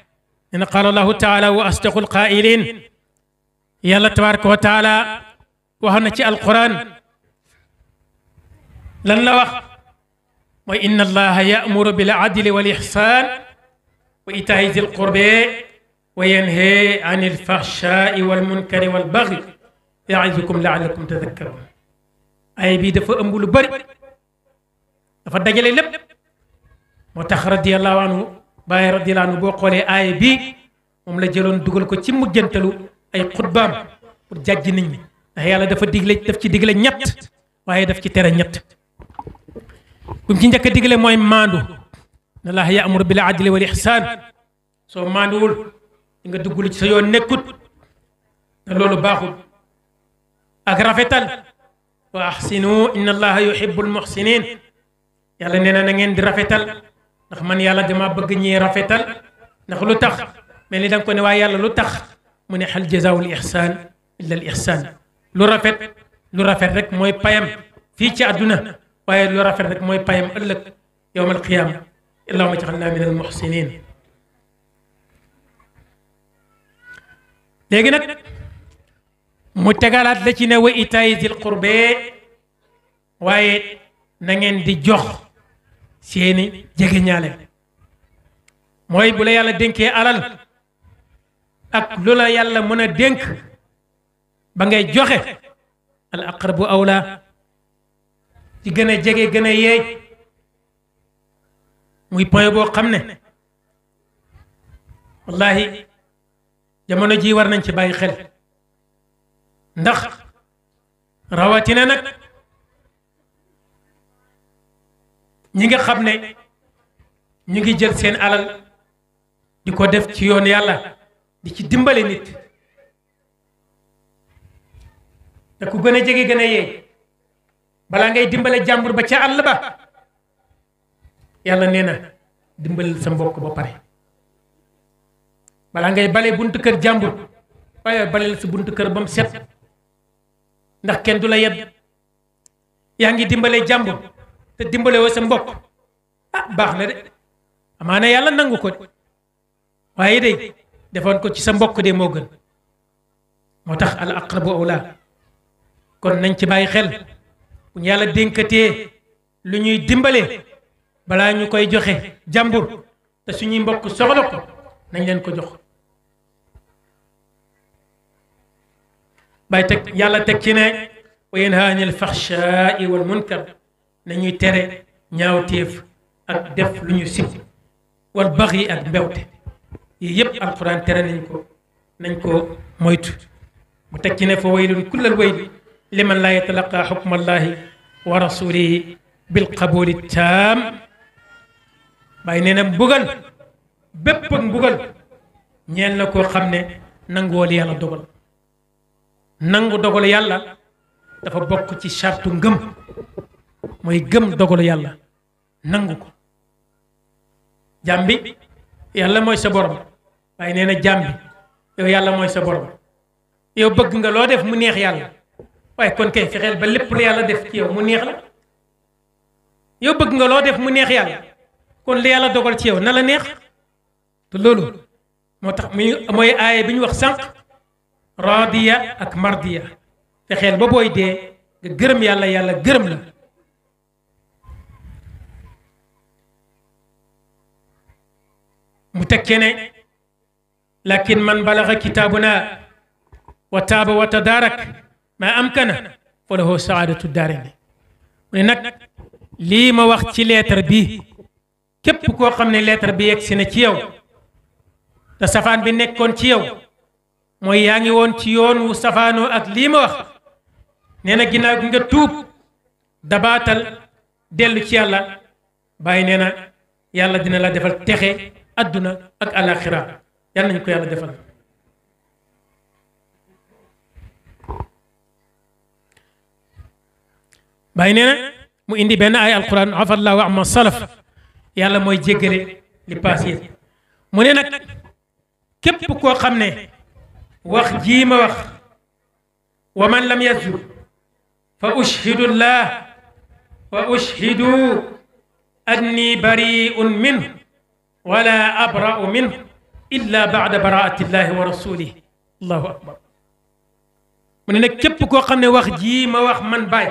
in qaala allahu taala wa asdaqul qaa'iliin yàlla tabaaraka wa taala wax na ci alquran lan la wax mooy inna allaha ya'muru bil adli wal ihsan wa itaa'i zil qurbee wa yanhaa anil fahshaa'i wal munkari wal bagyi ya'izukum la'allakum tadhakkaruun aaya bii dafa ëmb lu bëri dafa dajale lépp moo tax radiyallahu anhu Baay radiyallaahu anhu boo xoolee aaya bi moom la jëloon dugal ko ci mujjantalu ay xutbaam pour jàjj nit ñi ndax yàlla dafa digle daf ci digle ñett waaye daf ci tere ñett bu ci njëkk a digle mooy maandu na laaha ya'muru bil adli wal ihsaan soo maanduwul di nga duggul ci sa yoon nekkut na loolu baaxul ak rafetal wa ahsinu inna allaha yuhibbul muhsinin yàlla na ngeen di rafetal ndax man yàlla dama bëgg ñi rafetal ndax lu tax mel ni da nga ko ne waaye yàlla lu tax mu ne hal jazaawul ihsaan illa al ihsaan lu rafet lu rafet rek mooy payam fii ci àdduna waaye lu rafet rek mooy payam ëllëg yowmal qiyaama allahumma ij'alna min al muhsinin léegi nag mu tegalaat la ci ne wa itaay zil qurbe waaye na ngeen di jox seeni jege ñaale mooy bu la yàlla dénkee alal ak lu la yàlla mën a dénk ba ngay joxe al aqrabu awla ci gën a jege gën a yeey muy point boo xam ne wallahi jamono ji war nañ ci bàyyi xel ndax rawatina nag ñi nga xam ne ñu ngi jël seen alal di ko def ci yoon yàlla di ci dimbale nit te ku gën a jege gën a yee balaa ngay dimbale jàmbur ba ca àll ba yàlla nee na dimbalal sa mbokk ba pare balaa ngay bale buntu kër jàmbur waaye baleel sa buntu kër ba mu set ndax kenn du la yedd yaa ngi dimbale jàmbur te dimbale sa mbokk ah baax na de amaana yàlla nangu ko waaye de defoon ko ci sa mbokk de moo gën moo tax al aqrabu awla kon nañ ci bàyyi xel bu ñu yàlla dénkatee lu ñuy dimbale balaa ñu koy joxe jàmbur te suñuy mbokk soxla ko nañ leen ko jox bay teg yàlla teg ci ne wa yanha anil wal munkar nañuy tere ñaawteef ak def lu ñu sib wal bax yi ak mbewte yii yëpp alxuraan tere nañ ko nañ ko moytu mu teg ci ne fa waylun kullal wayl liman laa yatalaqa xukmallahi wa rasulihi bil qabuli taam bàyyi nee na mbugal bépp ak mbugal la ko xam ne nanguwal yàlla dogal nangu dogal yàlla dafa bokk ci sartu ngëm mooy gëm dogalu yàlla nangu ko jàmbi bi yàlla mooy sa borom waaye nee na jaam yow yàlla mooy sa borom yow bëgg nga loo def mu neex yàlla waaye kon kay fexeel ba lépp lu yàlla def ci yow mu neex la yow bëgg nga loo def mu neex yàlla kon li yàlla dogal ci yow na la neex te loolu moo tax muy mooy aaye bi ñu wax sànq raadiya ak mardiya fexeel ba booy dee nga gërëm yàlla yàlla gërëm la mu tekkee ne lakin man balaga kitaabuna wa taaba wa tadaarak ma amkana fa lahu saadatu daarayni mu ne nag lii ma wax ci leetar bi képp koo xam ne leetar bi yeg si na ci yow te safaan bi nekkoon ci yow mooy yaa ngi woon ci yoon wu safaanoo ak lii ma wax nee na ginnaaw gi nga tuub dabaatal dellu ci yàlla bàyyi nee na yàlla dina la defal texe adduna ak alaxira yal nañ ko yàlla defal bàyyi nee na mu indi benn ay alquran afallahu amma salaf yàlla mooy jéggale li paas yi mu ne nag képp koo xam ne wax jii ma wax wa man lam yasjud fa ushhidu llah wa ushhidu anni bariun minhu wala abra'u min illa baada baraatillahi wa rasulih allahu akbar mu ne nag képp koo xam ne wax jii ma wax man baay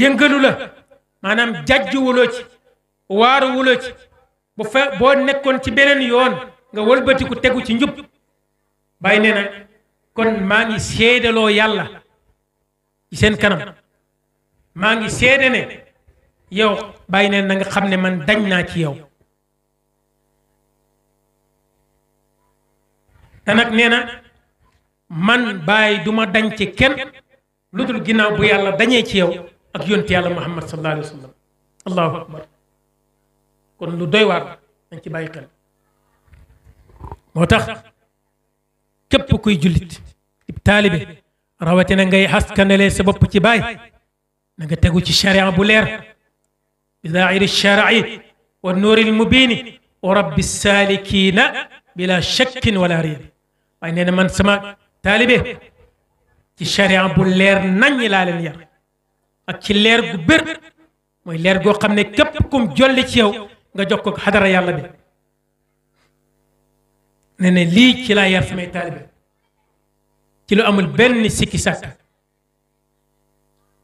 yëngalu la maanaam jajj wuloo ci waaru wuloo ci bu nekkoon ci beneen yoon nga wëlbatiku tegu ci njub bàyyi nee na kon maa ngi seedaloo yàlla ci seen kanam maa ngi seede ne yow bàyyi neen na xam ne man dañ naa ci yow te nag nee na man bàyyi duma dañ ci kenn lu dul ginnaaw bu yàlla dañee ci yow ak yonti yàlla muhammad sallallahu alayhi wa sallam allahu akbar kon lu doy waar dañ ci bàyyi xel moo tax képp kuy jullit ib taalibe rawatina ngay xaskanale sa bopp ci baay na tegu ci charia bu leer bidaa'iri shara'i wa nuuril mubiini wa rabbi saalikiina bila shakkin wala riib waaye nee man sama taalibe ci sharia bu leer nañ laa leen yar ak ci leer gu bér mooy leer goo xam ne képp kum jolli ci yow nga jox ko xadara yàlla bi nee lii ci laa yar samay taalibe ci lu amul benn sikki sàkk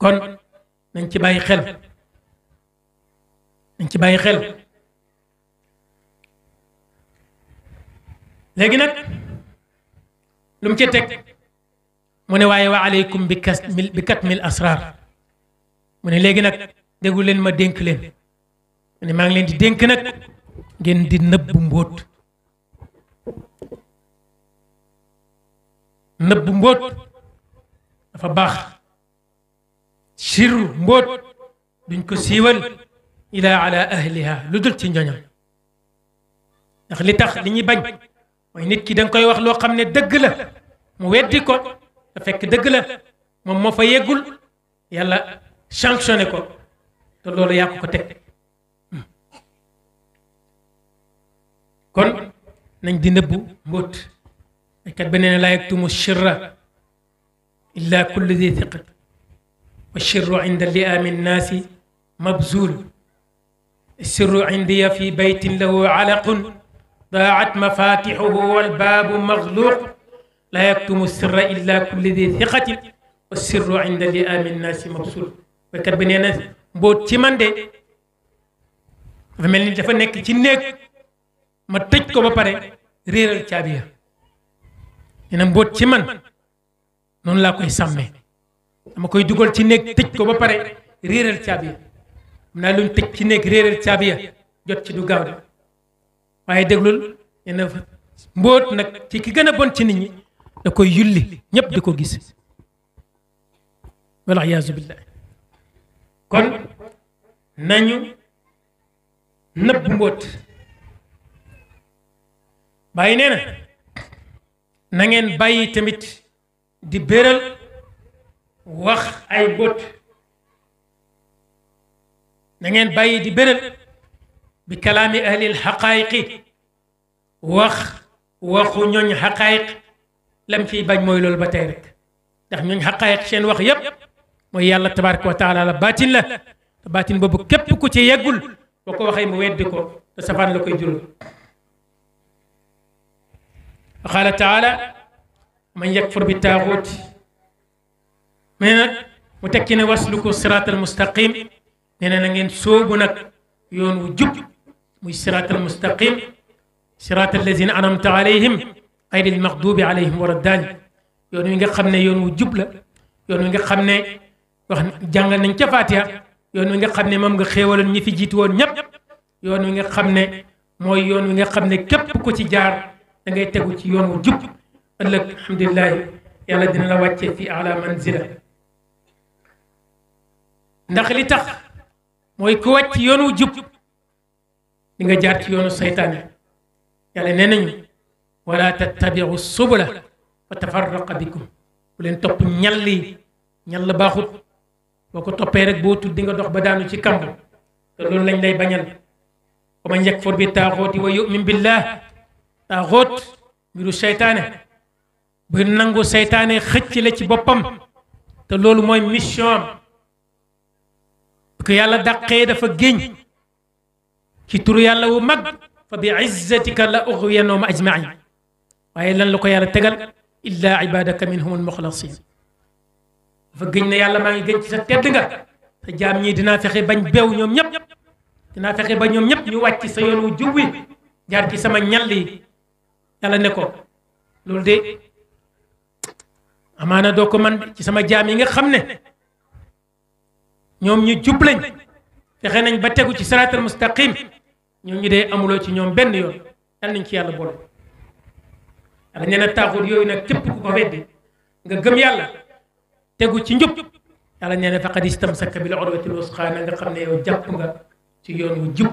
kon nañ ci bàyyi xel dañ ci bàyyi xel léegi nag lu mu ci teg mu ne waaye wa aleykum bi kas bi kat mil asrar mu ne léegi nag déglu leen ma dénk leen mu ne maa ngi leen di dénk nag ngeen di nëbb mbóot nëbb mbóot dafa baax siru mbóot duñ ko siiwal ila ala ahliha lu dul ci ñoñam ndax li tax li ñuy bañ mooy nit ki da koy wax loo xam ne dëgg la mu weddi ko te fekk dëgg la moom moo fa yeggul yàlla sanctionné ko te loolu yàqu ko ko teg kon nañ di nëbbu mbóot kat beneen laa yaktumu sirra illa kulli di thiqat wa sirru inda liaami nnaasi mabzul السر عندي في بيت له علق ضاعت مفاتحه والباب مغلوق لا يكتم السر إلا كل ذي ثقة والسر عند لئام الناس مبسول béykat bi nee na mbóot ci man de dafa mel ni dafa nekk ci néeg ma tëj ko ba pare réeral caabi ya nee na mbóot ci man noonu laa koy sàmmee dama koy dugal ci néeg tëj ko ba pare réeral caabi ya am naa luñ tëj ci nekk réeréer caabi jot ci du gaaw de waaye déglul nee mbóot nag ci ki gën a bon ci nit ñi da koy yulli ñëpp di ko gis wala yaasu billah kon nañu nëbb mbóot bàyyi nee na na ngeen bàyyi tamit di béral wax ay mbóot na ngeen bàyyi di béréb bi kalaami ahlil xaqaayiqi wax waxu lam fiy bañ mooy loolu ba tey rek seen wax yépp mooy yàlla tabaraka wa taala la baatin la te baatin boobu képp ku ci yeggul boo ko waxee mu weddi ko te safaan la koy jural wa qaala taala man yakfur bi taaxuut mais mu tekki ne wasluku siraat al mustaqim nee na na ngeen sóobu nag yoon wu jub muy siraatal mustaqim siraatal lazina anamta alayhim ayril maxdubi alayhim wala daal yoon wi nga xam ne yoon wu jub la yoon wi nga xam ne wax jàngal nañ ca Faatiha yoon wi nga xam ne moom nga xéewaloon ñi fi jiitu woon ñëpp yoon wi nga xam ne mooy yoon wi nga xam ne képp ku ci jaar da ngay tegu ci yoon wu jub ëllëg alhamdulilah yàlla dina la wàccee fi ala manzila ndax li tax. mooy ku wàcc yoonu jub di nga jaar ci yoonu seytaane yàlla nee nañu wala tattabiu subula fa tafarraqa bikum bu leen topp ñall yi ñall baaxut boo ko toppee rek boo tudd di nga dox ba daanu ci kamb te loolu lañ lay bañal wa man yakfur bi taaxooti wa yumin billah taaxoot mbiru seytaane bu nangu seytaane xëcc la ci boppam te loolu mooy mission am bu ko yàlla dàqee dafa géñ ci tur yàlla wu mag fa bi izzatika la ughwiyannahum ajmain waaye lan la ko yàlla tegal illa ibadaka minhum almuxlasin dafa géñ ne yàlla maa ngi géñ ci sa tedd nga sa jaam ñii dinaa fexe bañ beew ñoom ñëpp dinaa fexe ba ñoom ñëpp ñu wàcc sa yoon wu jub wi jaar ci sama ñal yi yàlla ne ko loolu de amaana doo ko man ci sama jaam yi nga xam ne ñoom ñu jub lañ fexe nañ ba tegu ci siraatal mustaqim ñoom ñu dee amuloo ci ñoom benn yoon yal nañ ci yàlla boole yàlla nee na taaxut yooyu nag képp ku ko weddi nga gëm yàlla tegu ci njub yàlla nee na faqad istamsaka bil urwatil wusqa na nga xam ne yow jàpp nga ci yoon wu jub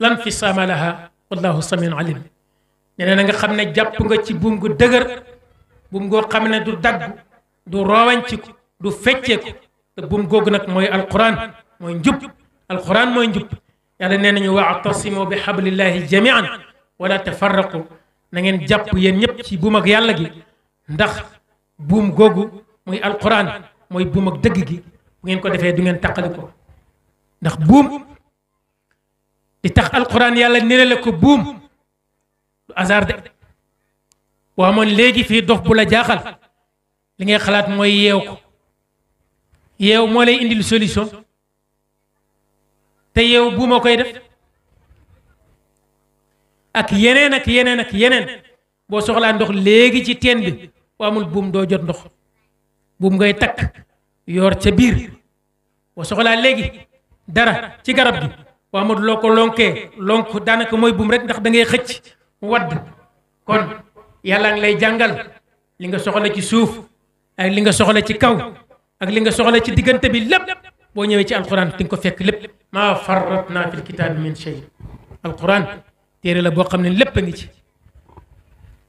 lan fi saama laha wallahu samiun alim nee nga xam ne jàpp nga ci buum gu dëgër buum goo xam ne du dagg du roowañ du fecceeku te buum googu nag mooy alquran mooy njub alquran mooy njub yàlla nee nañu wa'tasimu bi hablillahi jamian wala tafarraqu na ngeen jàpp yéen ñëpp ci buum ak yàlla gi ndax buum googu muy alquran mooy buum ak dëgg gi bu ngeen ko defee du ngeen taqali ko ndax buum di tax alquran yàlla nirale ko buum du hasard de moon léegi fii dox bu la jaaxal li ngay xalaat mooy yeew ko yeew moo lay indil solution te yeew buuma koy def ak yeneen ak yeneen ak yeneen boo soxlaa ndox léegi ci teen bi bu amul buum doo jot ndox buum ngay takk yoor ca biir boo soxlaa léegi dara ci garab gi boo amul loo ko lonkee lonk daanaka mooy buum rek ndax da ngay xëcc wadd kon yàlla ngi lay jàngal li nga soxla ci suuf ak li nga soxla ci kaw ak li nga soxla ci diggante bi lépp boo ñëwee ci alquran di ko fekk lépp maa farratna fil kitaabi min shay alquran téere la boo xam ne lépp a ngi ci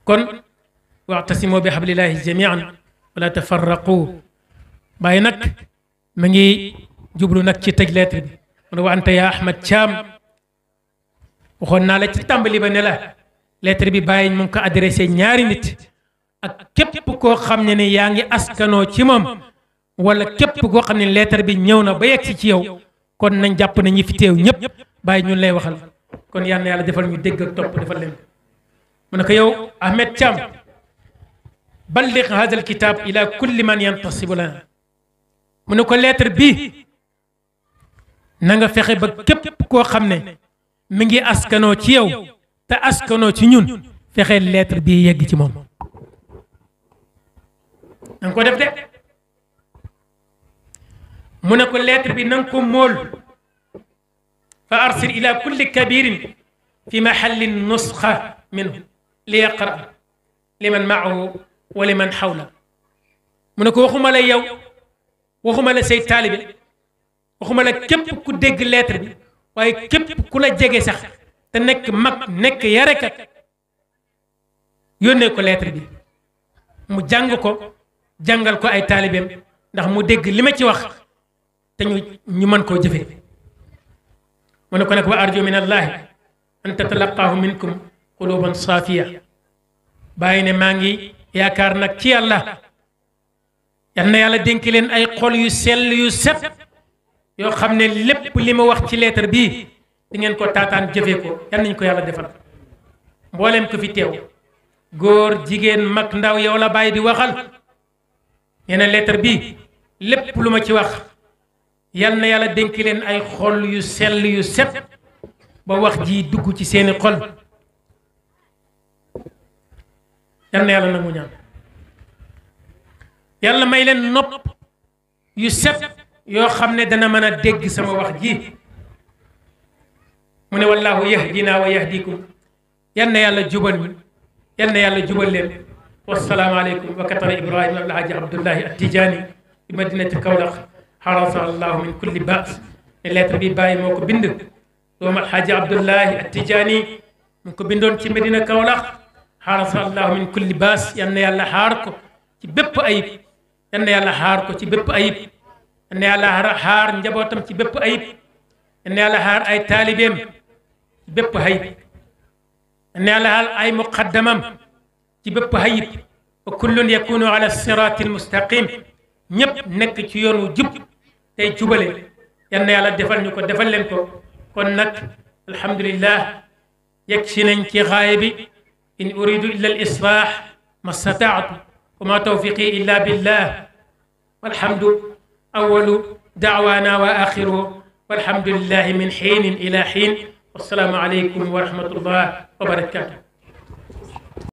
kon waxtasimoo bi hablillahi jamian wala tafarraqu bàyyi nag mu ngi jublu nag ci tëj lettre bi mun wa anta yaa ahmad caam waxoon naa la ci tàmbali ba ne la lettre bi bàyyi mu ko adressé ñaari nit ak képp koo xam ne ne yaa ngi askanoo ci moom wala képp koo xam ne leetar bi ñëw na ba yegsi ci yow kon nañ jàpp ne ñi fi teew ñëpp bàyyi ñun lay waxal kon yal yàlla defal ñu dégg ak topp defal leen mu ne ko yow Ahmed Thiam balligh hadha al kitab ila kulli man mu ne ko lettre bi na nga fexe ba képp koo xam ne mu ngi askanoo ci yow te askanoo ci ñun fexe lettre bi yegg ci moom na nga def de mu ne ko lettre bi nanga ko mool fa arsil ila kulli kabirin fi mahallin nusxa minhu li yaqra liman maahu wa liman xawla mu ne ko waxuma la yow waxuma la say taalibe waxuma la képp ku dégg lettre bi waaye képp ku la jege sax te nekk mag nekk yarekat yónnee ko lettre bi mu jàng ko jàngal ko ay taalibeem ndax mu dégg li ma ci wax te ñu ñu mën koo jëfee mu ne ko nag wa arju min allaahi an tatalaqaahu minkum quluban saafiya bàyyi ne maa ngi yaakaar nag ci yàlla yal na yàlla dénk leen ay xool yu sell yu set yoo xam ne lépp li ma wax ci leetar bi di ngeen ko taataan jëfee ko yal nañu ko yàlla defal mbooleem ko fi teew góor jigéen mag ndaw yow la bàyyi di waxal nee na leetar bii lépp lu ma ci wax yal na yàlla dénk leen ay xol yu sell yu set ba wax ji dugg ci seeni xol yal na yàlla nangu ñaan yàlla may leen nopp yu set yoo xam ne dana mën a dégg sama wax ji mu ne wallaahu yahdinaa wa yahdikum yal na yàlla jubal yal na yàlla jubal leen wassalaamu aleykum wa katara ibrahima alhaji abdullahi attijaani bi madinati kawlax xarasa allahu min kulli baas ne lettre bi bàyyi moo ko bind doom alxaaji abdullahi attijaani mu ko bindoon ci medina kawlax xarasa allahu min kulli baas yan na yàlla xaar ko ci bépp ayib yan na yàlla xaar ko ci bépp ayib yan na yàlla xaar njabootam ci bépp ayib yan na yàlla xaar ay taalibeem ci bépp ayib yan na yàlla xaar ay muqaddamam ci bépp ayib wa kullun yakunu ala sirati almustaqim ñëpp nekk ci yoon wu jub tey jubale yan na yàlla defal ñu ko defal leen ko kon nag alhamdulillah yegg si nañ ci xaaye bi in uridu illa al islaax ma stataatu wa ma tawfiqi illa billah walhamdu awalu daawaana wa axiru walhamdulillahi min xiinin ila xiin wassalaamu aleykum wa rahmatullah wa barakatuh